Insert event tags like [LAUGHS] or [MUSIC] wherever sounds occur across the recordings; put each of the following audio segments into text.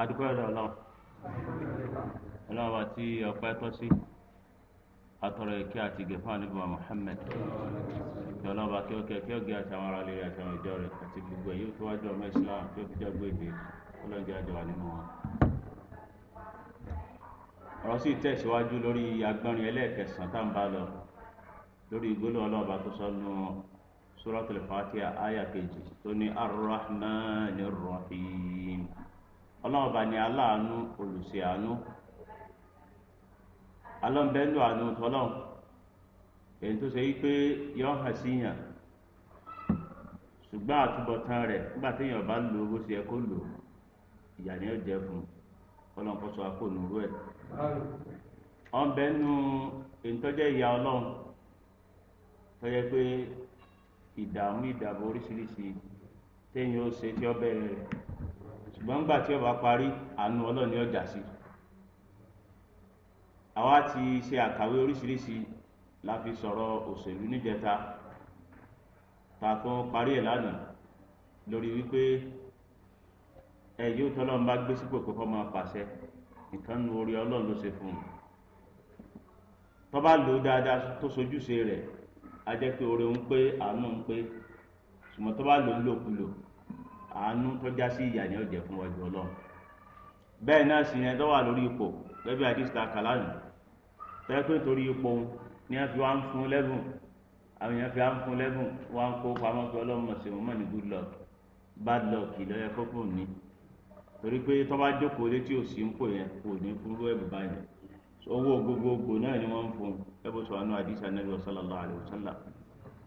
adúgbò ọ̀dọ̀ ọlọ́run ọlọ́run wa tí ọpẹ́ tọ́ sí atọrọ ìkẹ́ àti ìgẹ̀ fún àníbọ̀ Muhammad kí ọlọ́run bá kí ó kẹ́ kí ó gé àti àwọn ará lórí àti àwọn ìjọ rẹ̀ àti gbogbo ẹ̀ yóò tó wájú ọmọ Islam tí ó fi jágbó èdè ọlọ́run jẹ́ wà nínú wọn. ọ̀rọ̀ sì tẹ̀síwájú lórí agbọ́nrin ẹlẹ́ẹ̀kẹsàn tá à ń bá lọ lórí ìgbóló ọlọ́run bá tó ọlọ́ọ̀bá ni aláàánú olùṣe àánú àánú tọ́lọ́ èyí tó ṣe wípé yọ hàn síyàn ṣùgbọ́n àtúbọ̀tán rẹ̀ nígbà téèyàn bá lò ó bó ṣe yẹ kó lò ni ó jẹ fún ọlọ́run kó sọ àpò nùrú ẹ̀ ọ̀nbẹ́nu èyí tó jẹ́ ìyá ọlọ́run tó yẹ pé ìdààmú ìdààbò oríṣiríṣi ṣùgbọ́n nígbà tí ó bá parí àánú ọlọ́ọ̀ni ọjà sí àwa ti ṣe àkàwé oríṣiríṣi la fi sọ̀rọ̀ òṣèlú níjẹta tààtàn parí ẹ̀ lánàá lórí wípé ẹ yóò tọ́lọ́run bá gbé sípò pé kọ́ máa pàṣẹ nǹkan nu orí ọlọ́run ló ṣe fún un tọ́ba lò ó dáadáa tó sojúṣe rẹ̀ a jẹ́ pé oore ń pé àánú ń pé ṣùgbọ́n tọ́ba lò ó lòkulò àánú tó já sí ìyà ni ó jẹ fún ọjọ́ Ọlọ́run bẹ́ẹ̀ náà sì yẹn tó wà lórí ipò gẹ́gẹ́ àdìsítà kàlánù tẹpẹ torí ipò òun ni wọ́n fi wá ń fún lẹ́bùn àwọn èèyàn fi wá ń fún lẹ́bùn wọ́n á ń kó pamọ́ pé Ọlọ́run ṣe wọn mọ ní good luck bad luck ìlọyẹ kọkùn ní torí pé tó bá jókòó létí òsì ń pò yẹn kò ní fún wẹẹbù báyìí owó gbogbogbò náà ni wọ́n ń fún ẹbùsùn àánú àdìsá nàbẹ sallallahu alaihi wasallam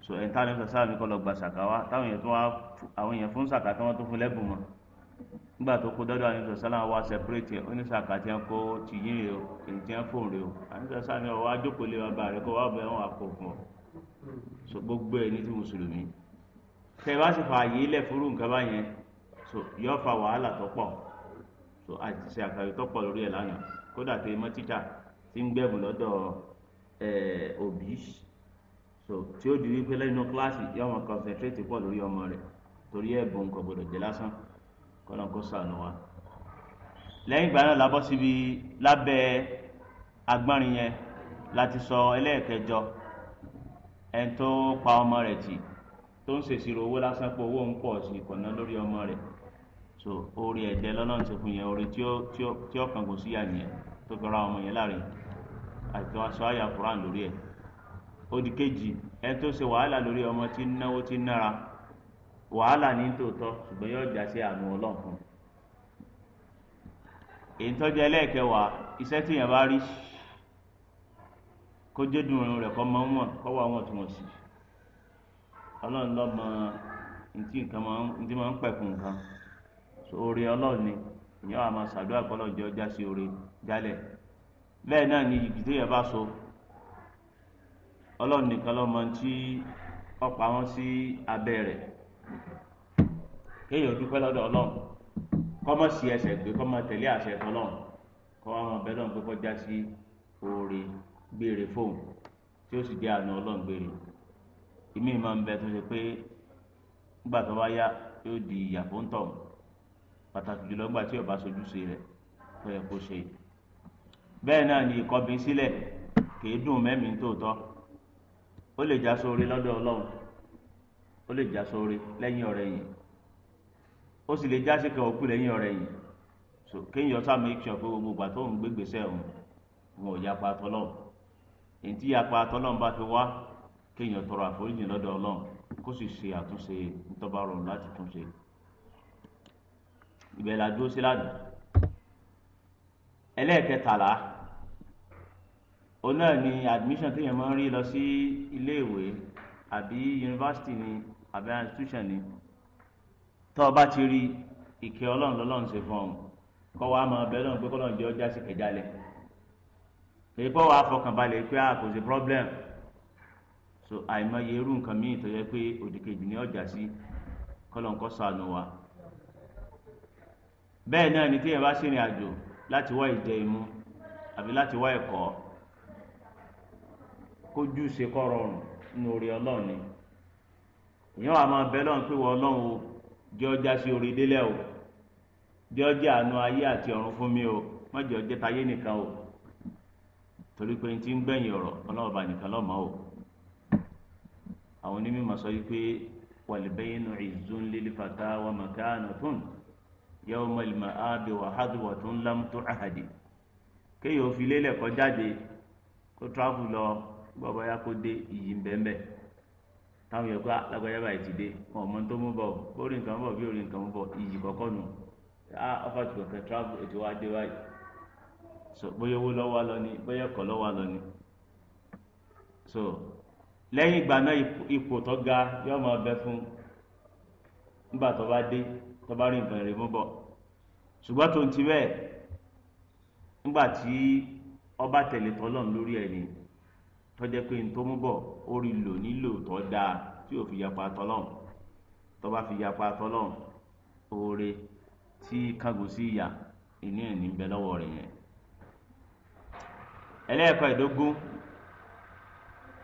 so ẹ̀ ń tàlẹ́ sàṣà mi kọ́ lọ gba sàkà wa táwọn èèyàn tó wá àwọn èèyàn fún sàkà tí wọ́n tó fún lẹ́bùn mọ́ nígbà tó kó dọ́dọ̀ àníṣe sàlá wa sẹpẹ́rẹ́tì oní sàkà tí wọ́n kó tìyín rè o èyí tí wọ́n fòun rè o àníṣe sàlá mi wá jókòó lé bàbá rẹ̀ kó wá bẹ̀ wọ́n àpò fún ọ so gbogbo ẹni tí mùsùlùmí tẹ bá sì fà yí lẹ̀ fúrú nǹkan báyẹn so yóò fa wàhálà so àti ṣe àkàrí tó pọ̀ lórí ẹ̀ lánàá kódà tẹ mọ́ tíjà tí so tí ó di wípé lẹ́nu kíláàsì yóò máa concentrate pọ̀ lórí ọmọ rẹ̀ torí ẹ̀bùn kò gbọdọ̀ jẹ́ lásán kọ́nà kó sànù wa. lẹ́yìn ìgbà náà labọ́ síbi lábẹ́ agbárin yẹn láti sọ ẹlẹ́ẹ̀kẹjọ ẹni tó pa ọmọ rẹ̀ tì tó ń ṣèṣirò owó lásán pé owó ń pọ̀ sí ìkọ̀nà lórí ọmọ rẹ̀ so orí ẹ̀jẹ̀ lọ́nà ti fún yẹn orí tí ó kàn kò síyà nìyẹn tó fi ra ọmọ yẹn láàrin àti wọn sọ àyà Quran lórí ẹ̀. odìkejì ẹni tó ṣe wàhálà lórí ọmọ tí ń náwó tí ń nára wàhálà ní tòótọ́ ṣùgbọ́n yóò já sí àánú ọlọ́run fún un èyí ẹlẹ́ẹ̀kẹwàá iṣẹ́ tí yẹn bá rí kó jódùn rẹ̀ kọ́ máa ń wọ̀n kọ́ wà wọ̀n tí ọlọ́run lọ́ máa ń nǹkan oore ọlọ́run ni ìyẹn wàá máa ṣàdúrà kọ́lọ́jọ́ já sí oore ọlọ́run nìkan ló mọ tí ọ̀pá wọn sí abẹ́ rẹ̀ kéèyàn dúpẹ́ lọ́dọ̀ ọlọ́run kọ́mọ sí ẹsẹ̀ gbé kọ́mọ tẹ̀lé àṣẹ tọ́lọ́run kọ́ àwọn ọbẹ̀ lọ́run pé kọjá sí oore gbére fóun tí ó sì jẹ́ àna ọlọ́run gbére ìmí máa ń bẹ tó ṣe pé nígbà tó bá yá yóò di ìyà fún tọ̀ pàtàkì jùlọ nígbà tí ọba sojúṣe rẹ̀ tó yẹ kó ṣe bẹ́ẹ̀ náà ni ìkọbìn sílẹ̀ kì í dùn mẹ́mìí tòótọ́ ó lè já sóore lọ́dọ̀ ọlọ́run ó lè já sóore lẹ́yìn ọ̀rẹ́ yìí ó sì lè já sí kan òkú lẹ́yìn ọ̀rẹ́ yìí so kéèyàn sá make sure pé gbogbo ìgbà tó ń gbégbèsè òun òun ò yapa tọ́lọ́run èyí tí yapa tọ́lọ́run bá fi wá kéèyàn tọrọ àforíjì lọ́dọ̀ ọlọ́run kó sì ṣe àtúnṣe ntọ́ba rọrùn láti túnṣe ìbẹ̀lẹ̀ àdúró sí lánàá ẹlẹ́ẹ̀kẹtàlá. òun naa ni admission téèyàn máa ń rí lọ sí iléèwé àbí yunifásitì ni àbí institution ni tó o bá ti rí ìkẹ́ ọlọ́run lọ́lọ́run ṣe fún ọ kọ́ wa máa bẹ́ẹ̀ lọ́run pé kọ́lọ́run jẹ́ ọjà sí kẹjálẹ̀ wa fọkànbalẹ̀ pé a ah, kò sí problem so àìmọye irú nǹkan míì tó yẹ pé òdìkejì ní ọjà sí kọ́lọ́run kó ṣàánú wa bẹ́ẹ̀ náà ni téèyàn bá ṣèrìn àjò láti wá ìjẹ ìmu àbí kójú ṣe kọ́ rọrùn nínú orí ọlọ́run ni ìyẹn wàá máa bẹ lọ́run pé wọ́n ọlọ́run o jẹ́ ọjà sí orí délẹ̀ o jẹ́ ọjà àánú ayé àti ọ̀run fún mi o mọ́jọ́ jẹ́ tayé nìkan o torí pé n ti ń gbẹ̀yìn ọ̀rọ̀ ọlọ́ọ̀bà nìkan lọ́mọ o àwọn onímọ̀ sọ yìí pé wàlìbẹ́yìn ìzún lílifàtà wà màkàánà tún yẹ́wò mọ̀lìmọ̀ ábí wàhádùwà tún lámùtò àhàdì kéèyàn ò fi lélẹ̀ kọjáde kó tíráfù lọ gbọ́bọ ya kó dé iyì bẹ́ẹ̀ táwọn yẹn kó alágbájá ah, báyìí ti tó mú bọ bórí nǹkan bọ bí orí nǹkan bọ iyì kọ́kọ́ nù á ah, ọfà so bóyá lọ ni ọkọ̀ lọ́wọ́ lọ so lẹ́yìn ìgbà náà ipò tó ga yóò máa bẹ fún nígbà tó bá dé tó bá rí nǹkan mú ṣùgbọ́n tó ń tọ́jẹ́ pé n tó mú bọ̀ ó rí lò nílò tó dáa tí ò fi yapa tọ́lọ́n tó bá fi yapa tọ́lọ́n oore tí kágo sí ìyà inú ẹ̀ ní bẹ lọ́wọ́ rẹ̀ yẹn. ẹlẹ́ẹ̀kọ́ ìdógún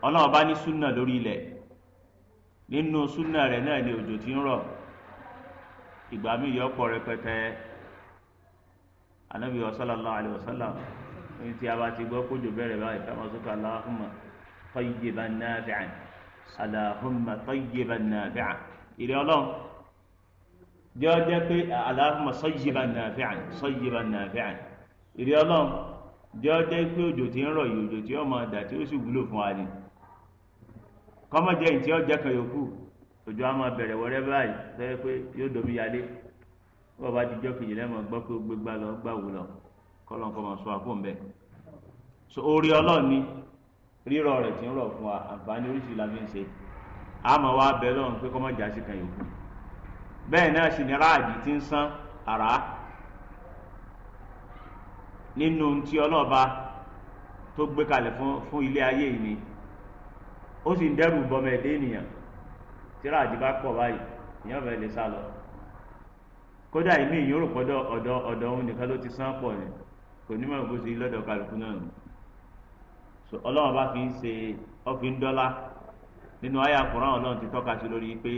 ọlọ́run ní súnà lórí ilẹ̀ nínú súnà rẹ̀ náà ni òjò ti ń rọ̀ ìgbà míì yọ pọ̀ rẹpẹtẹ Ànábì sallallahu alaihi wasallam ní tí a bá ti gbọ́ kójò bẹ̀rẹ̀ báyìí ká máa sọ́kà Allahumma tayyiban nafi'an alahumma tayyiban nafi'an ìrẹ Ọlọ́run jẹ́ ọjẹ́ pé alahumma sayyiban nafi'an sayyiban nafi'an ìrẹ Ọlọ́run jẹ́ ọjẹ́ pé òjò tí ń rọ̀ yìí òjò tí ó máa dà tí ó sì wúlò fún wa ni kọ́mọ̀jẹ́ ìtí ọjà kan yòókù òjò á máa bẹ̀rẹ̀ wẹ́rẹ́ báyìí fẹ́ pé yóò domi yálé wọ́n bá dijọ́ kejì lẹ́mọ̀ gbọ́ pé gbégbá lọ gbà lọ kọ́lọ́n kọ́ máa sọ àpò ń bẹ̀ so orí ọlọ́ọ̀ni rírọ̀ rẹ̀ tí ń rọ̀ fún wa àǹfààní la fi ń ṣe wa bẹ̀ lọ́run pé kọ́mọ́ jà sí kan yòókù bẹ́ẹ̀ náà sì ni ti ń sán àrá nínú ti ọlọ́ọ̀ba tó gbé kalẹ̀ fún fún ilé ayé yìí ni ó sì ń dẹ́rù ẹ̀dẹ́ ènìyàn tí bá pọ̀ báyìí ìyẹn ọ̀fẹ́ lè sá lọ kódà ìmí ni kò ní mọ̀ bó lọ́dọ̀ kálukú so ọlọ́run bá fi ń ṣe ọ̀fin dọ́là nínú àyà Kùránì ọlọ́run ti tọ́ka sí lórí pé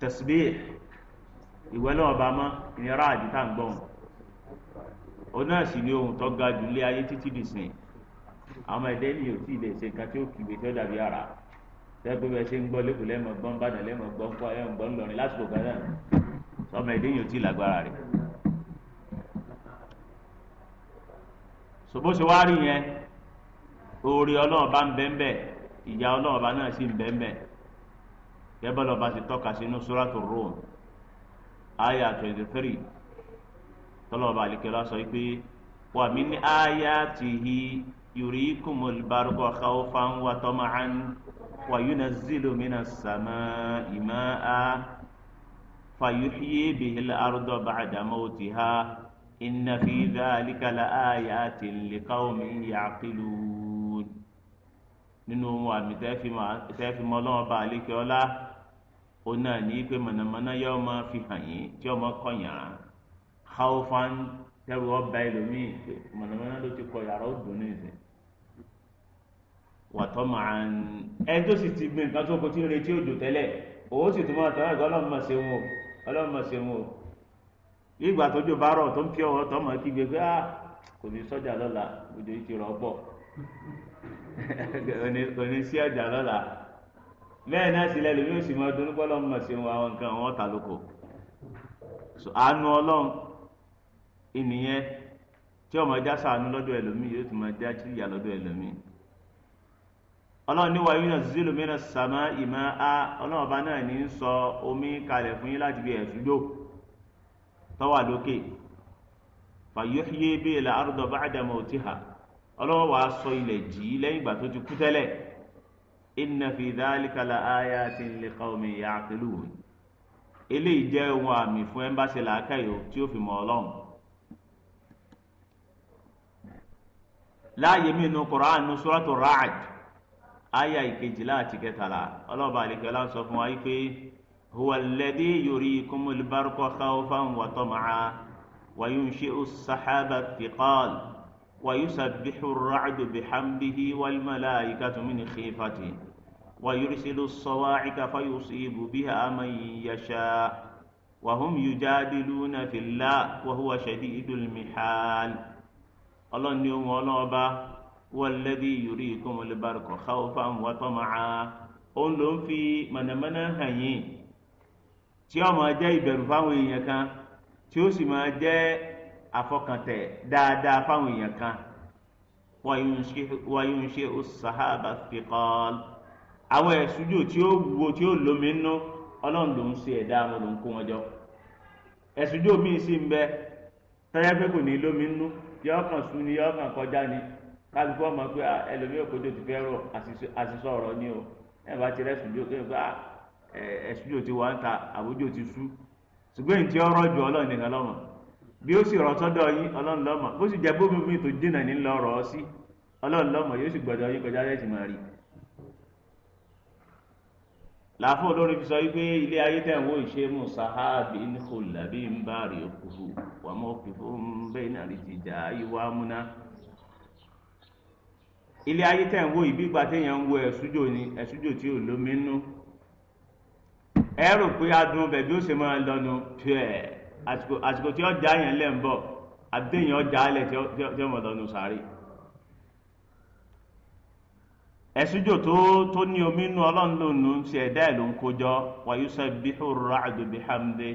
tasbih ìwẹ́ náà bá mọ́ ìnira àdìtà ń gbọ̀n o náà sì ni ohun tó ga jù lé ayé títí dìsìn àwọn ẹ̀dẹ́ ni ò tí ì lè ṣe nǹkan tí ó kì í gbèsè dàbí ara tẹ́gbẹ́ bẹ́ẹ̀ ṣe ń gbọ́ lẹ́kọ̀ọ́ lẹ́mọ̀ gbọ́n bàdàn lẹ́mọ̀ gbọ́n kọ́ ẹ̀ ń gbọ́n lọ́rin lásìkò kan náà ẹ̀dẹ́ yìí ò tí ì lágbára rẹ̀. ṣùgbọ́n ṣe wá rí yẹn oore ọlọ́run bá ń bẹ́ńbẹ́ ìyá ọlọ́run bá náà sì ń bẹ́ńbẹ́ gẹ́gẹ́ lọ́ba ti tọ́ka sínú suratu Rum aya twenty three tọ́lọ́ba àlìkẹ́lá sọ pé wa min ayatihi yurikumul barqa khawfan wa tama'an wa yunazzilu minas sama'i ma'an fayuhyi bihil arda ba'da mawtiha inna fi dhalika la ayatin liqawmin ya'qilun nínú ohun àmì tẹ́ẹ̀fì mọ́ ọlọ́run ọba àlékè ọlá ó náà ní pé mọ̀nàmọ́ná yóò máa fi hàn yín tí ọmọ kọ̀yàn án káwọ́fán tẹ́rù ọba ẹlòmíì pé mọ̀nàmọ́ná ló ti kọ yàrá ó dùn ní ìsìn wàtọ́ màá ń ẹni tó sì ti gbin nǹkan tó kọ tí ń retí òjò tẹ́lẹ̀ òun sì tún máa tẹ̀wé ẹ̀kọ́ ọlọ́run máa ṣe wọn o ọlọ́run máa ṣe wọn o ìgbà tójú bá rọ̀ tó ń pí ọwọ́ tó máa kígbe pé ah, kò ní sọ́jà lọ́la òjò yìí ti rọ̀ oníṣẹ́ ọjà lọla bẹ́ẹ̀ náà sì lẹ́nu yóò sì máa dunú bọ́lọ́ mọ̀ sí àwọn nǹkan àwọn ọ̀tà lóko àánú ọlọ́run ènìyàn tí ọmọ ẹja sàánú lọ́dọ̀ ẹlòmíì yóò tún máa dá tí ìyá lọ́dọ̀ ẹlòmíì ọlọ́run ní wàyí náà zilu sàmá ìmọ̀ á ọlọ́run ọba náà ní í omi kalẹ̀ fún yín láti tọ́wà lókè àrùdọ̀ bá àdàmọ̀ òtí hà ọlọ́wọ́ wàá sọ ilẹ̀ jì í lẹ́yìn ìgbà tó ti kú tẹ́lẹ̀ inna fi dhalika la ayatin li qaumin ya'qilun eléyìí jẹ́ ohun àmì fún ẹ́mbáṣe làákàyò tí ó fi mọ̀ ọlọ́run láàyè mí nu Qur'an nu suratu Ra'd aya ìkejìlá àti kẹtàlá ọlọ́ba àlekẹ́lá sọ fún wa pé huwa alladhi yurikumul barqa khawfan wa tam'a wa yunshi'u as ويسبح الرعد بحمده والملائكة من خيفته ويرسل الصواعق فيصيب بها من يشاء وهم يجادلون في الله وهو شديد المحال الله يوم ولوبا والذي يريكم البرق خوفا وطمعا أولهم في منمنا هين tí ó máa jẹ́ ìbẹ̀rù fáwọn èèyàn kan afọkantẹ dáadáa fáwọn èèyàn kan wáyún ṣe ó sàhábà fìkọ́l àwọn ẹ̀sùjò tí ó wúwo tí ó lómi nú ọlọ́run ló ń ṣe ẹ̀dá wọn ló ń kó wọn jọ ẹ̀sùjò míì sì ń bẹ tẹ́lẹ̀ pé kò ní ni yọ kàn kọjá ni ni o ẹ̀ bá ti rẹ̀ ti ń ta ti sú ṣùgbọ́n ìtì ọ̀rọ̀ bí ó sì rọ̀ sọ́dọ̀ yín ọlọ́run bó sì jẹ bómi mi tó dènà ní lọ rọ sí yóò sì gbọdọ yín kọjá lẹ́sìn máa rí. làáfọ̀ olórin fi sọ wípé ilé ayé tẹ̀ ìṣe mú sahabi nìkò làbí ń bá rí wà mọ́ bẹ́ẹ̀ náà rí ti jà ìwà múná. ni tí ò lómi nú ẹ rò pé adùn bẹ̀ bí ó ṣe máa lọ́nu àsìkò tí ọjà yẹn lẹ̀ ń bọ̀ àdéhìn ọjà alẹ̀ tí ọmọ ọ̀dọ́ nù sáré ẹ̀sùjò tó tó ní omi nù ọlọ́run ló nù ń ṣe ẹ̀dá ẹ̀ ló ń kójọ wa yusabbihu ar-ra'du bihamdi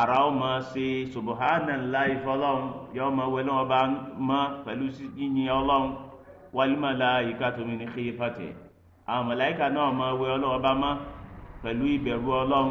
ara ó máa ṣe subhanallahi fọlọ́run yọ ọmọ wẹlé wọn bá mọ pẹ̀lú yíyin ọlọ́run wal malaikatu min khifati àwọn màláìka náà máa wẹ ọlọ́run bá mọ pẹ̀lú ìbẹ̀rù ọlọ́run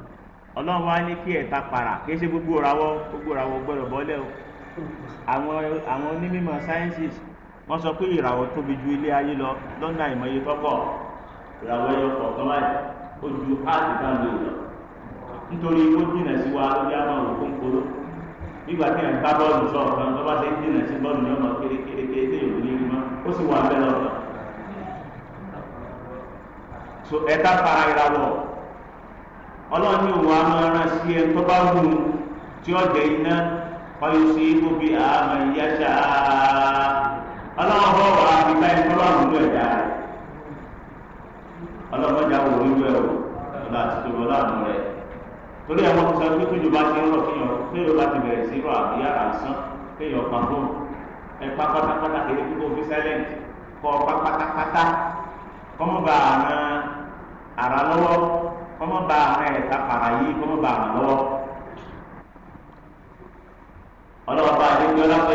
ọlọ́run wá ní kí ẹ̀ta para kì í ṣe gbogbo ìràwọ̀ gbogbo ìràwọ̀ gbọ́dọ̀ bọ́lẹ̀ o àwọn àwọn onímọ̀ wọ́n sọ pé ìràwọ̀ tóbi ju ilé ayé lọ lọ́nà àìmọye tọ́pọ̀ ìràwọ̀ ẹyọ kọ̀ọ̀kan báyìí ó ju kan lọ nítorí ó jìnà sí wa lórí àwọn òkun nígbà tí ẹ̀ ń bá bọ́ọ̀lù sọ ọ̀kan tó bá ṣe ń jìnà sí bọ́ọ̀lù ọlọ́run ní òun àmọ́ ẹran sí ẹ tó bá wù ú tí ó jẹ iná ọyọ sí gbogbo àmọ́ ìyá ṣá ọlọ́run bọ̀ wá àbíká ìfọlọ́ àbúrò ẹ̀dá rẹ̀ ọlọ́mọdé àwọn onílù ẹ̀ ọ̀la àti tòló láàmú rẹ̀ torí àwọn ọmọ sọ pé tójú bá ti ń rọ̀ kéèyàn kéèyàn bá ti bẹ̀rẹ̀ sí rọ̀ àbíyá àìsàn kéèyàn pa fóònù ẹ pa pátápátá kéde kí kò fi sẹ́lẹ̀ǹtì kọ́ pa pátápátá kọ́mọ́bà àrùn ara lọ́wọ́ kọ́mọ́ bá àwọn ẹ̀ka para yìí kọ́mọ́ bá àwọn lọ́wọ́. ọlọ́ọ̀bá adéjọ́lá sọ pé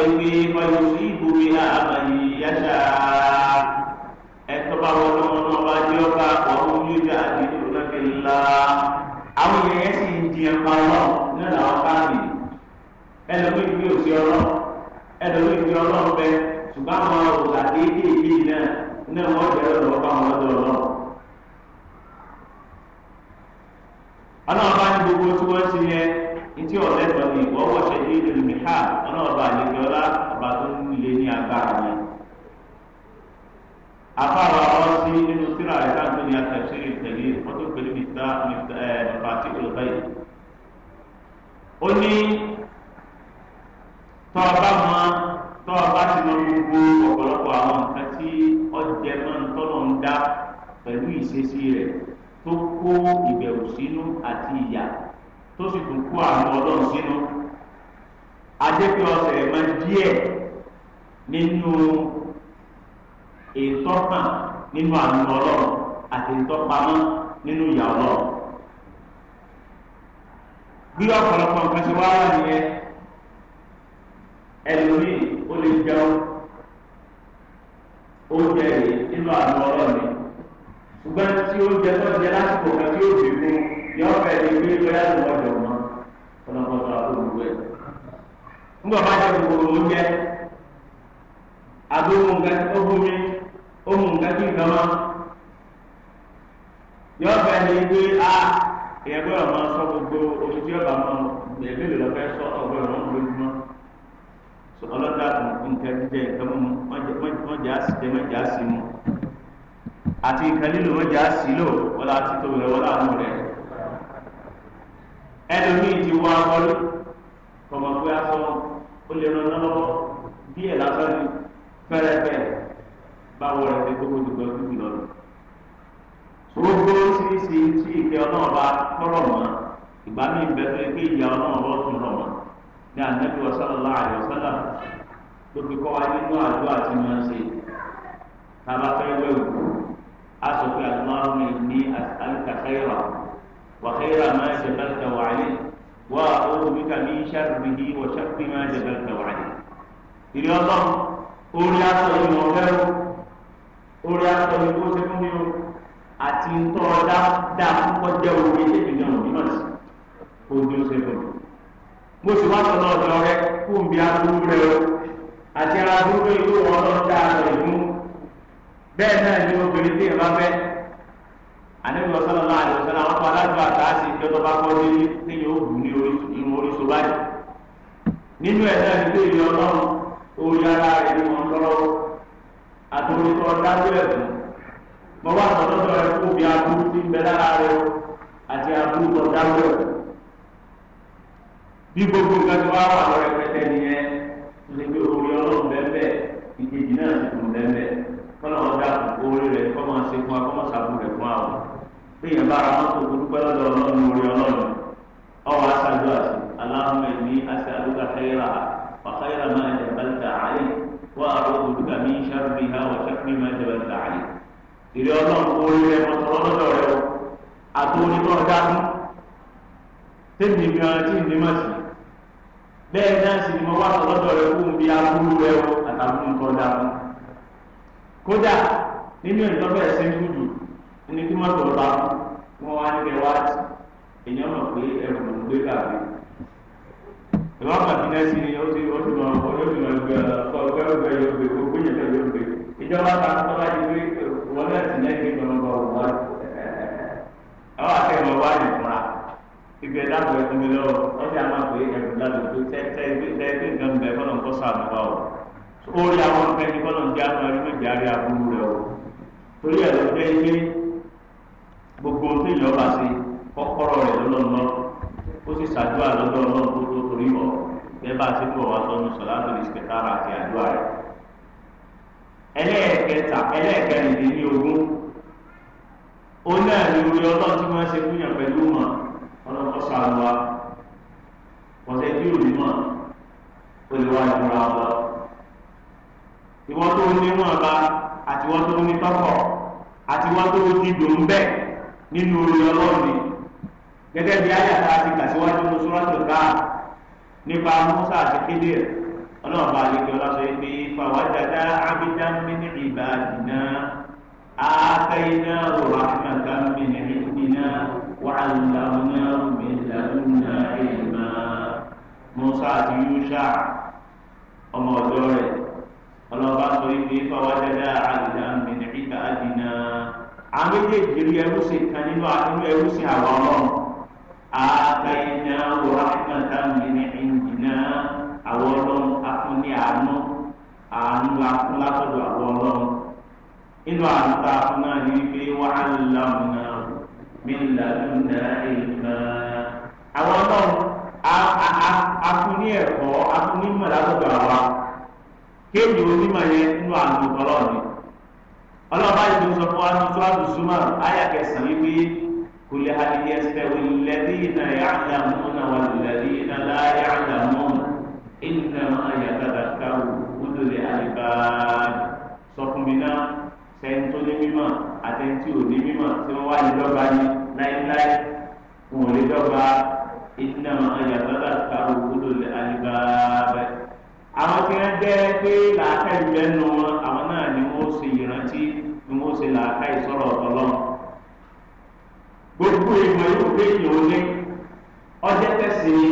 ọyọ sí ibùdó náà àmàlì yáṣà ẹ̀tọ́ bá wọn lọ́wọ́ náà bá jẹ́ ọba ọ̀hún yóò jẹ́ àdéjọ́ náà fi la. àwọn èèyàn sì ń di ẹ̀pà lọ nínú àwọn káàdì ẹlẹ́wọ̀n ìgbé òsì ọlọ́ ẹlẹ́wọ̀n ìgbé ọlọ́ bẹ ṣùgbọ́n àwọn òṣàdéjì ìbí náà náà wọ́n ọlọ́run bá ní gbogbo tí wọ́n ti yẹ etí ọ̀lẹ́tọ̀ ni ìwọ́wọ́ ṣẹ̀dí ìlúmíhà ọlọ́run bá àlejò ọlá ọba tó ń lé ní agbára ni. afárá ọ̀rọ̀ sí nínú síra ẹ̀ka tó ní àtẹ̀sí ìtẹ̀lé ọtó pẹ̀lú mìta mìta àti ìlọ́bà yìí. ó ní tọ́ ọba mọ tọ́ ọba ti lọ gbogbo ọ̀pọ̀lọpọ̀ àwọn nǹkan tí ọ̀jẹ̀ náà ń tọ́lọ̀ ń dá pẹ̀lú ìṣesí rẹ̀ tó kó ìbẹ̀rù sínú àti ìyà tó sì tún kó àánú ọlọ́run sínú adékè ọ̀sẹ̀ mọ díẹ̀ nínú ìtọ́kàn nínú àánú ọlọ́run àti ìtọ́pamọ́ nínú ìyà ọlọ́run bí ọ̀pọ̀lọpọ̀ nǹkan ṣe wá wà nìyẹn ẹlòmíì ó lè jẹun oúnjẹ rèé nínú àánú ọlọ́run ṣùgbọ́n tí ó jẹ tó jẹ lásìkò kan tí ó bì fún yọ fẹ́ lè gbé bóyá lọ́wọ́ jọ mọ́ ọlọ́pàá tó àpò gbogbo ẹ̀. ńgbà bá jẹ gbogbo oúnjẹ àbí ohun nǹkan ó fún mi ohun nǹkan kí nǹkan mọ́ yọ fẹ́ lè gbé a ìyẹn gbọ́dọ̀ máa sọ gbogbo omi tí ọba máa gbẹ̀mí lọ́fẹ́ sọ ọgbọ́dọ̀ máa ń lójúmọ́ sọlọ́dà nǹkan jíjẹ nǹkan mọ́ àti ìkan nínú ọjà sílò wọlé àti tóbi rẹ wọlé àánú rẹ ẹlòmíì ti wá ọlú kọmọ pé aṣọ ó lè ràn án lọ́wọ́ díẹ̀ lásán ni fẹ́rẹ́fẹ́ báwo rẹ ti gbogbo dùgbọ dùgbò lọnà gbogbo oríṣiríṣi tí ìkẹ́ ọlọ́run bá tọrọ mọ́ ìgbà míì bẹ́ẹ̀ tó yẹ kí ìyá ọlọ́run bá tún rọ̀ mọ́ ní ànábì ọ̀sálàlá àyọ̀sálà tó fi kọ́ wa nínú àdúrà tí wọ́n ń ṣe tá a bá fẹ́ wẹ̀wù. أسوك اللهم إني أسألك خيرا وخير ما جبلته عليه وأعوذ بك من شره وشر ما جبلته عليه ìrì ọlọ́run orí aṣọ ìlú ọ̀fẹ́ o orí aṣọ ìlú ó ṣe fún mi o àti ntọ́ ọ̀dá dá púpọ̀ jẹ́ orí ètò ìyẹn òbí náà sí ojú ó ṣe fún mi. mo sì wá sọ̀rọ̀ ọ̀dọ̀ rẹ kó n bí aburú rẹ o àti aburú ìlú ọlọ́run dá aṣọ ìlú bẹ́ẹ̀ náà ni obìnrin tí ìrọ̀ bẹ́ àníbi ọ̀sán ọ̀la àdìọ̀sán àwọn ọkọ̀ alájọ àtàásì ìjọba bá kọ́ délé téèyàn ó gùn ní irun oríṣi báyìí nínú ẹ̀ náà ni téèyàn ọlọ́run orí ara rẹ̀ ni wọ́n lọ́wọ́ àtòrí tó dájú ẹ̀ fún mọ wá àtọ́jọ́ rẹ̀ kó bí aburú ti ń bẹ lára rẹ̀ àti aburú tó dájú ẹ̀ fún bí gbogbo nǹkan tó wá wà lọ́rẹ̀ pẹ́tẹ́ nìyẹn lè gbé orí ọlọ́run bẹ́ẹ̀ bẹ́ẹ̀ ìkejì náà ti kùn bẹ́ẹ̀ bẹ́ẹ̀ kọ́lọ́wọ́n dà orí rẹ̀ kọ́ máa ṣe fún wa kọ́ máa ṣàbù rẹ̀ fún àwọn bí yẹn bá ara mọ́tò olùpẹ́ lọ́dọ̀ ọlọ́run orí ọlọ́run ọwọ́ aṣáájú àti aláhùnmẹ́ ní aṣẹ àdúgbà kẹ́yìrà wàkẹ́yìrà máa jẹ balùwẹ̀ àlẹ́ wọ́n àrò olùgbà mí sáré ha wọ́n sẹ́kùn máa jẹ balùwẹ̀ àlẹ́ ìrẹ́ ọlọ́run orí rẹ̀ mọ́tò lọ́dọ̀ rẹ̀ o àti orí náà kódà nínú ìtọ́fẹ́ síngúdù ní kí mọ́tò ọba wọn wá ní kẹwàátì èèyàn mọ̀ pé ẹrù ló gbé kàwé ìwọ́n kan ti nẹ́sí ni ó ti ó ti yóò ẹgbẹ́ yóò gbé yẹn yóò gbé ìjọba ta tó bá di pé wọn náà ti wọn bá wọn wá àwọn wá ní ibi ẹ̀dá ó rí àwọn ọ̀fẹ́ ní kọ́nà ń já máa rí méjì àárẹ̀ àbúrú rẹ̀ o torí ẹ̀ ló jẹ́ pé gbogbo ohun tí èèyàn bá ṣe kọ́kọ́rọ́ rẹ̀ lọ́lọ́lọ́ ó sì ṣàdúrà lọ́dọ̀ ọlọ́run tó tó torí ọ̀ bẹ́ẹ̀ bá ti bọ̀ wá sọ́nu sọ̀láńtò lè ṣe tára àti àdúrà rẹ̀ ẹlẹ́ẹ̀kẹta ẹlẹ́ẹ̀kẹrin lé ní ogún ó náà ní orí ọlọ́run tí wọ́n ṣe fún yàn pẹ̀lú mọ̀ ọlọ́kọ́ sàlùwà ọ̀sẹ̀ tí ò ní mọ̀ ó lè wá ìdúrà ọlọ́run ìwọ́n tó ní wọn bá àti wọ́n tó ní tọ́kọ̀ àti wọ́n tó ti dùn bẹ́ẹ̀ nínú orí ọlọ́run ni gẹ́gẹ́ bí ayàtà ti kà síwájú ní sọ́rọ́tò káà nípa musa àti kéde ọlọ́run bá ọlọ́sọ yìí pé fàwájàdá abidjanmi ní ìbàdìnnà àkàyìnà rọ̀hámàkà mìíràn ìdìnnà wàhálàmùnà mìlàmùnà ìmà musa àti yusha ọmọ ọ̀dọ́ rẹ̀ ọlọ́ba sọ ibi fawájáde àdìdá mìnìkà àdìdá àwọn méjèèjì rí ẹrú sí kan nínú àdúgbò ẹrú sí àwọn ọlọ́run àtàyẹnà wàhánàtà mìnìkà àwọn ọlọ́run afúnni àánú àánú afúnlátọ̀dọ̀ àwọn ọlọ́run inú àtúntà afúnná ni wípé wàhálà múná mílíọ̀nù náírà ìlúmọ̀ àwọn ọlọ́run afúnni ẹ̀kọ́ afúnni mọ̀lá lọ́dọ̀ àwa kéwì onímọ̀ yẹn nínú àlù ọlọ́ọ̀ni ọlọ́ọ̀bá yìí ló sọ fún wa ní tíwájú súnmọ́ àyà kẹsàn-án yìí pé kò lè hàdìyẹ sẹ́wì lẹ́dínà yàtàmúnà wà lẹ́dínà láyàtàmúnà ìnàmọ́ àyàtàdà káwù wúlò lè àlìbá sọ fún mi náà sẹ́yìn tó ní mímọ́ àtẹ̀ntì ò ní mímọ́ tí wọ́n wá dọ́gba ní láíláí wọn ò lè dọ́gba ìnàmọ́ àyàtàdà káwù wúlò lè àlìbá àwọn tí wọ́n jẹ́ pé làákà ìgbẹ́ nu wọn àwọn náà ni wọ́n ṣe ìrántí ni wọ́n ṣe làákà ìsọ̀rọ̀ ọ̀tọ̀lọ́ gbogbo ìmọ̀ yóò gbé ìyẹ̀wò ní ọjọ́ tẹ̀sí ni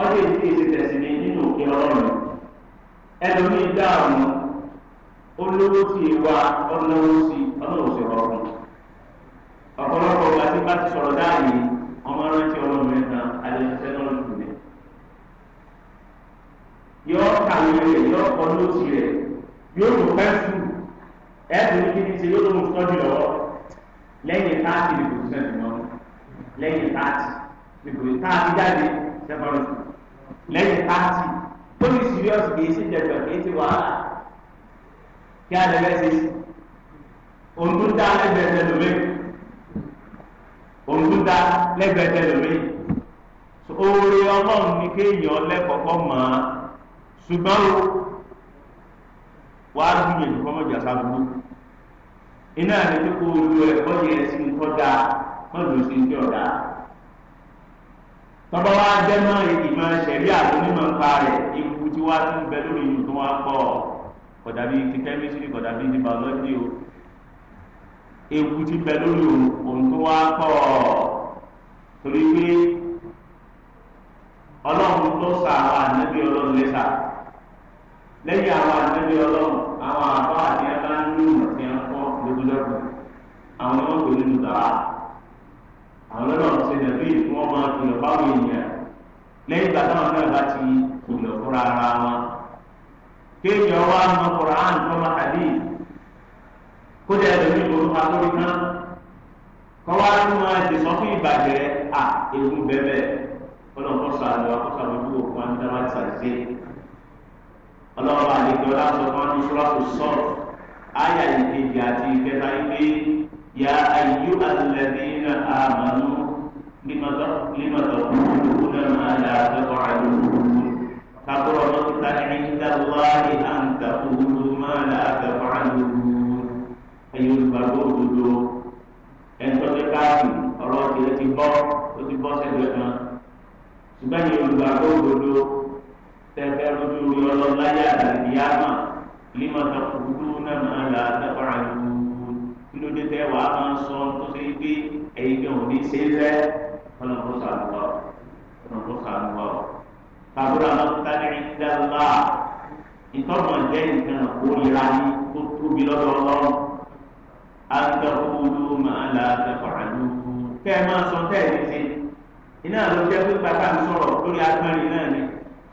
ọjọ́ ìdí èsì tẹ̀sí ni nínú òkè ọlọ́run ẹlòmíì dáàmú olówó tí ì wá ọlọ́wọ́ sí ọlọ́wọ́ sí ọ̀rọ̀ ọ̀pọ̀lọpọ̀ ìgbà tí bá ti sọ̀rọ̀ dáàmú ọmọ rántí ọlọ́run mẹ́ta alẹ́ ìfẹ́ yọ kàwé rẹ̀ yọ kọ lóòtì rẹ̀ yóò mú pẹ́ńsù ẹ̀sùn ní kíni ṣe yóò tó mú tọ́jú lọ́wọ́ lẹ́yìn táàtì ní kòtò sẹ́ni wọn lẹ́yìn táàtì ní kòtò táàtì jáde sẹ́fọ̀rọ̀ lẹ́yìn táàtì tóbi síríọ́sì kìí ṣe jẹ̀dọ̀ kìí ṣe wàhálà kí á lẹ́gbẹ́ ṣe sí òǹdúndà lẹ́gbẹ̀ẹ́ tẹ̀lómi òǹdúndà lẹ́gbẹ̀ẹ́ tẹ̀lómi oore ọlọ́run ni kéèyàn lẹ́kọ̀ọ́kọ́ mọ́ ṣùgbọ́n o wàá gbìyànjú kọ́mọ̀jà sábúrú iná rẹ̀ ní kó o lo ẹ̀kọ́ yẹn sí nǹkan dáa mọ́tò sí ní ọ̀dà tọ́ba wa jẹ́ mọ́ ìmọ̀ ṣẹ̀rí àtúnímọ̀ ń pa rẹ̀ ikú tí wàá tún bẹ lórí ìlú tó wá pọ̀ kódà bíi ti kẹ́mísírì kódà bíi ti bàọ́lọ́jì o ewu ti bẹ lórí òun tó wá pọ̀ torí pé ọlọ́run tó sàwọn ànábì ọlọ́run lẹ́sà. lẹ́yìn àwọn àtẹ́bí ọlọ́run àwọn àbá àti ẹ̀ka ń ní ìmọ̀ sí ẹ̀kọ́ lójúlẹ́kùn àwọn ọmọ kò nínú tàrà àwọn ọlọ́run ṣe nàbí fún ọmọ ìlú báwo ènìyàn lẹ́yìn ìgbà táwọn bá ti kùnà ara wọn. kéèyàn wá mọ Qur'an tó máa kàdí kódà ẹlòmíì tó kọ́wá tó ti sọ fún ìbàjẹ́ à ewu bẹ́ẹ̀ bẹ́ẹ̀ ọlọ́run àdìgbọ́lá sọ fún wọn sọ́ọ́tù sọ́ọ̀tù ayà ìkejì àti ìkẹta ìgbé ya ayú alẹ́dínà àmàlú límọ̀tọ̀kùnrin máa yà àtẹ́kọ̀ àdúgbò kakúrọ̀ lọ́kítà ẹ̀yìndà wáyé àǹtà òwúrò máa yà àtẹ́kọ̀ àdúgbò ẹ̀yìn olùgbàgbọ́ òdodo ẹ̀ńtọ́jẹ́ káàdì ọ̀rọ̀ ti bọ́ ó ti bọ́ sẹ́gbẹ̀ẹ́ kan ṣùgbọ́n olùgbàgbọ́ òdodo. tẹ́fẹ́ lójú yọlọ láyé àdàlìyàmà lima taquluna ma la taf'alun kílódé tẹ́ wàá máa sọ tó ṣe é gbé ẹ̀yin kan ò ní ṣe é fẹ́ ọ̀nà kó sàlùwà ọ̀nà kó sàlùwà kàbúrò àwọn kúkálẹ̀ ń dá ìtọ́nà jẹ́ nǹkan òyìnbá ní tó tóbi lọ́dọọlọ́run àtẹ̀kùlù máa la tẹ̀fàlù kẹ́ ẹ máa sọ tẹ́ẹ̀ ní ṣe iná ló jẹ́ pé bàbá sọ̀rọ̀ lórí agbárin náà ni.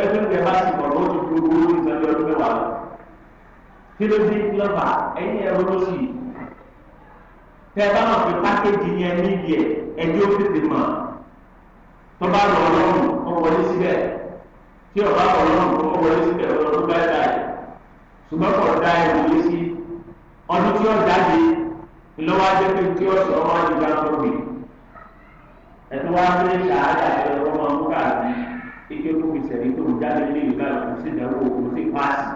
lẹ́sìn tẹ bá ti kọ̀ọ̀rọ̀ ó ti fi owó ní ìtọ́jú ọdún mẹ́wàá lọ. kí ló dé kí lọ́ba ẹ̀yìn ẹ̀rọ ló sì tẹ bá wọn fi pákéjì yẹn níbi ẹ̀ ẹjọ́ tètè mọ̀ tó bá lọ ọlọ́run ó wọlé síbẹ̀ tí ọba ọlọ́run ó wọlé síbẹ̀ ọlọ́run bá dà ẹ̀ ṣùgbọ́n kọ̀ dá ẹ̀ wọlé sí ọdún tí ó jáde lọ́wọ́ ajẹ́ pé tí ó sọ ọmọ àdìgbà tó gbìn ẹ̀tọ́ wá sí ṣàádà ẹ̀ ọmọ ike kó fi sẹ̀rí tó ń jáde ní ìgbà kò sí ìdánwò kò sí paasi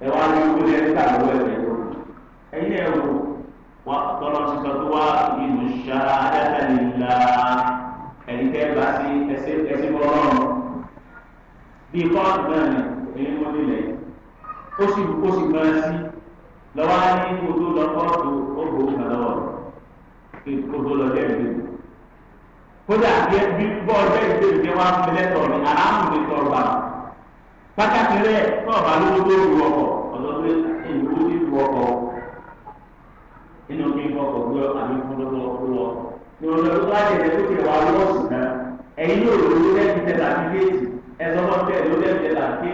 ẹ wá ní ìlú ẹ nígbà lọ́wọ́ ẹ rẹ̀ ẹ̀yìn ẹ̀ wò wá tọ́lọ́ ti sọ tó wá ìlú ṣá adájọ́ ìlà ẹ̀yìn tẹ́ bá sí ẹsẹ̀ bọ́ ọ̀rọ̀ bí kọ́ọ̀tù náà ní ẹ̀yìn mọ́ nílẹ̀ ó sì ó sì máa sí lọ́wọ́ á ní kó tó lọ kọ́ọ̀tù ó bò ó kà lọ́wọ́ kó tó lọ dẹ́rẹ́ kódà bí bí bọ́ọ̀lù bẹ́ẹ̀ ṣe ìdí wa fi lẹ́tọ̀ ní aráàlú ní sọ̀rọ̀ pátákì rẹ̀ sọ̀rọ̀ balógun tó lu ọkọ̀ ọ̀dọ́ tó ìlú tó ti lu ọkọ̀ nínú kí n fọkọ̀ gbé àmì fún lọ́wọ́ fún lọ. ìròyìn ọdún bá jẹ̀dẹ̀ tó kẹ̀ wá lọ́wọ́ sí náà ẹ̀yin yóò lò ó lẹ́sìn tẹ̀lá sí kéèjì ẹ̀sọ́ mọ́ tẹ̀ ló lẹ́sìn tẹ̀lá sí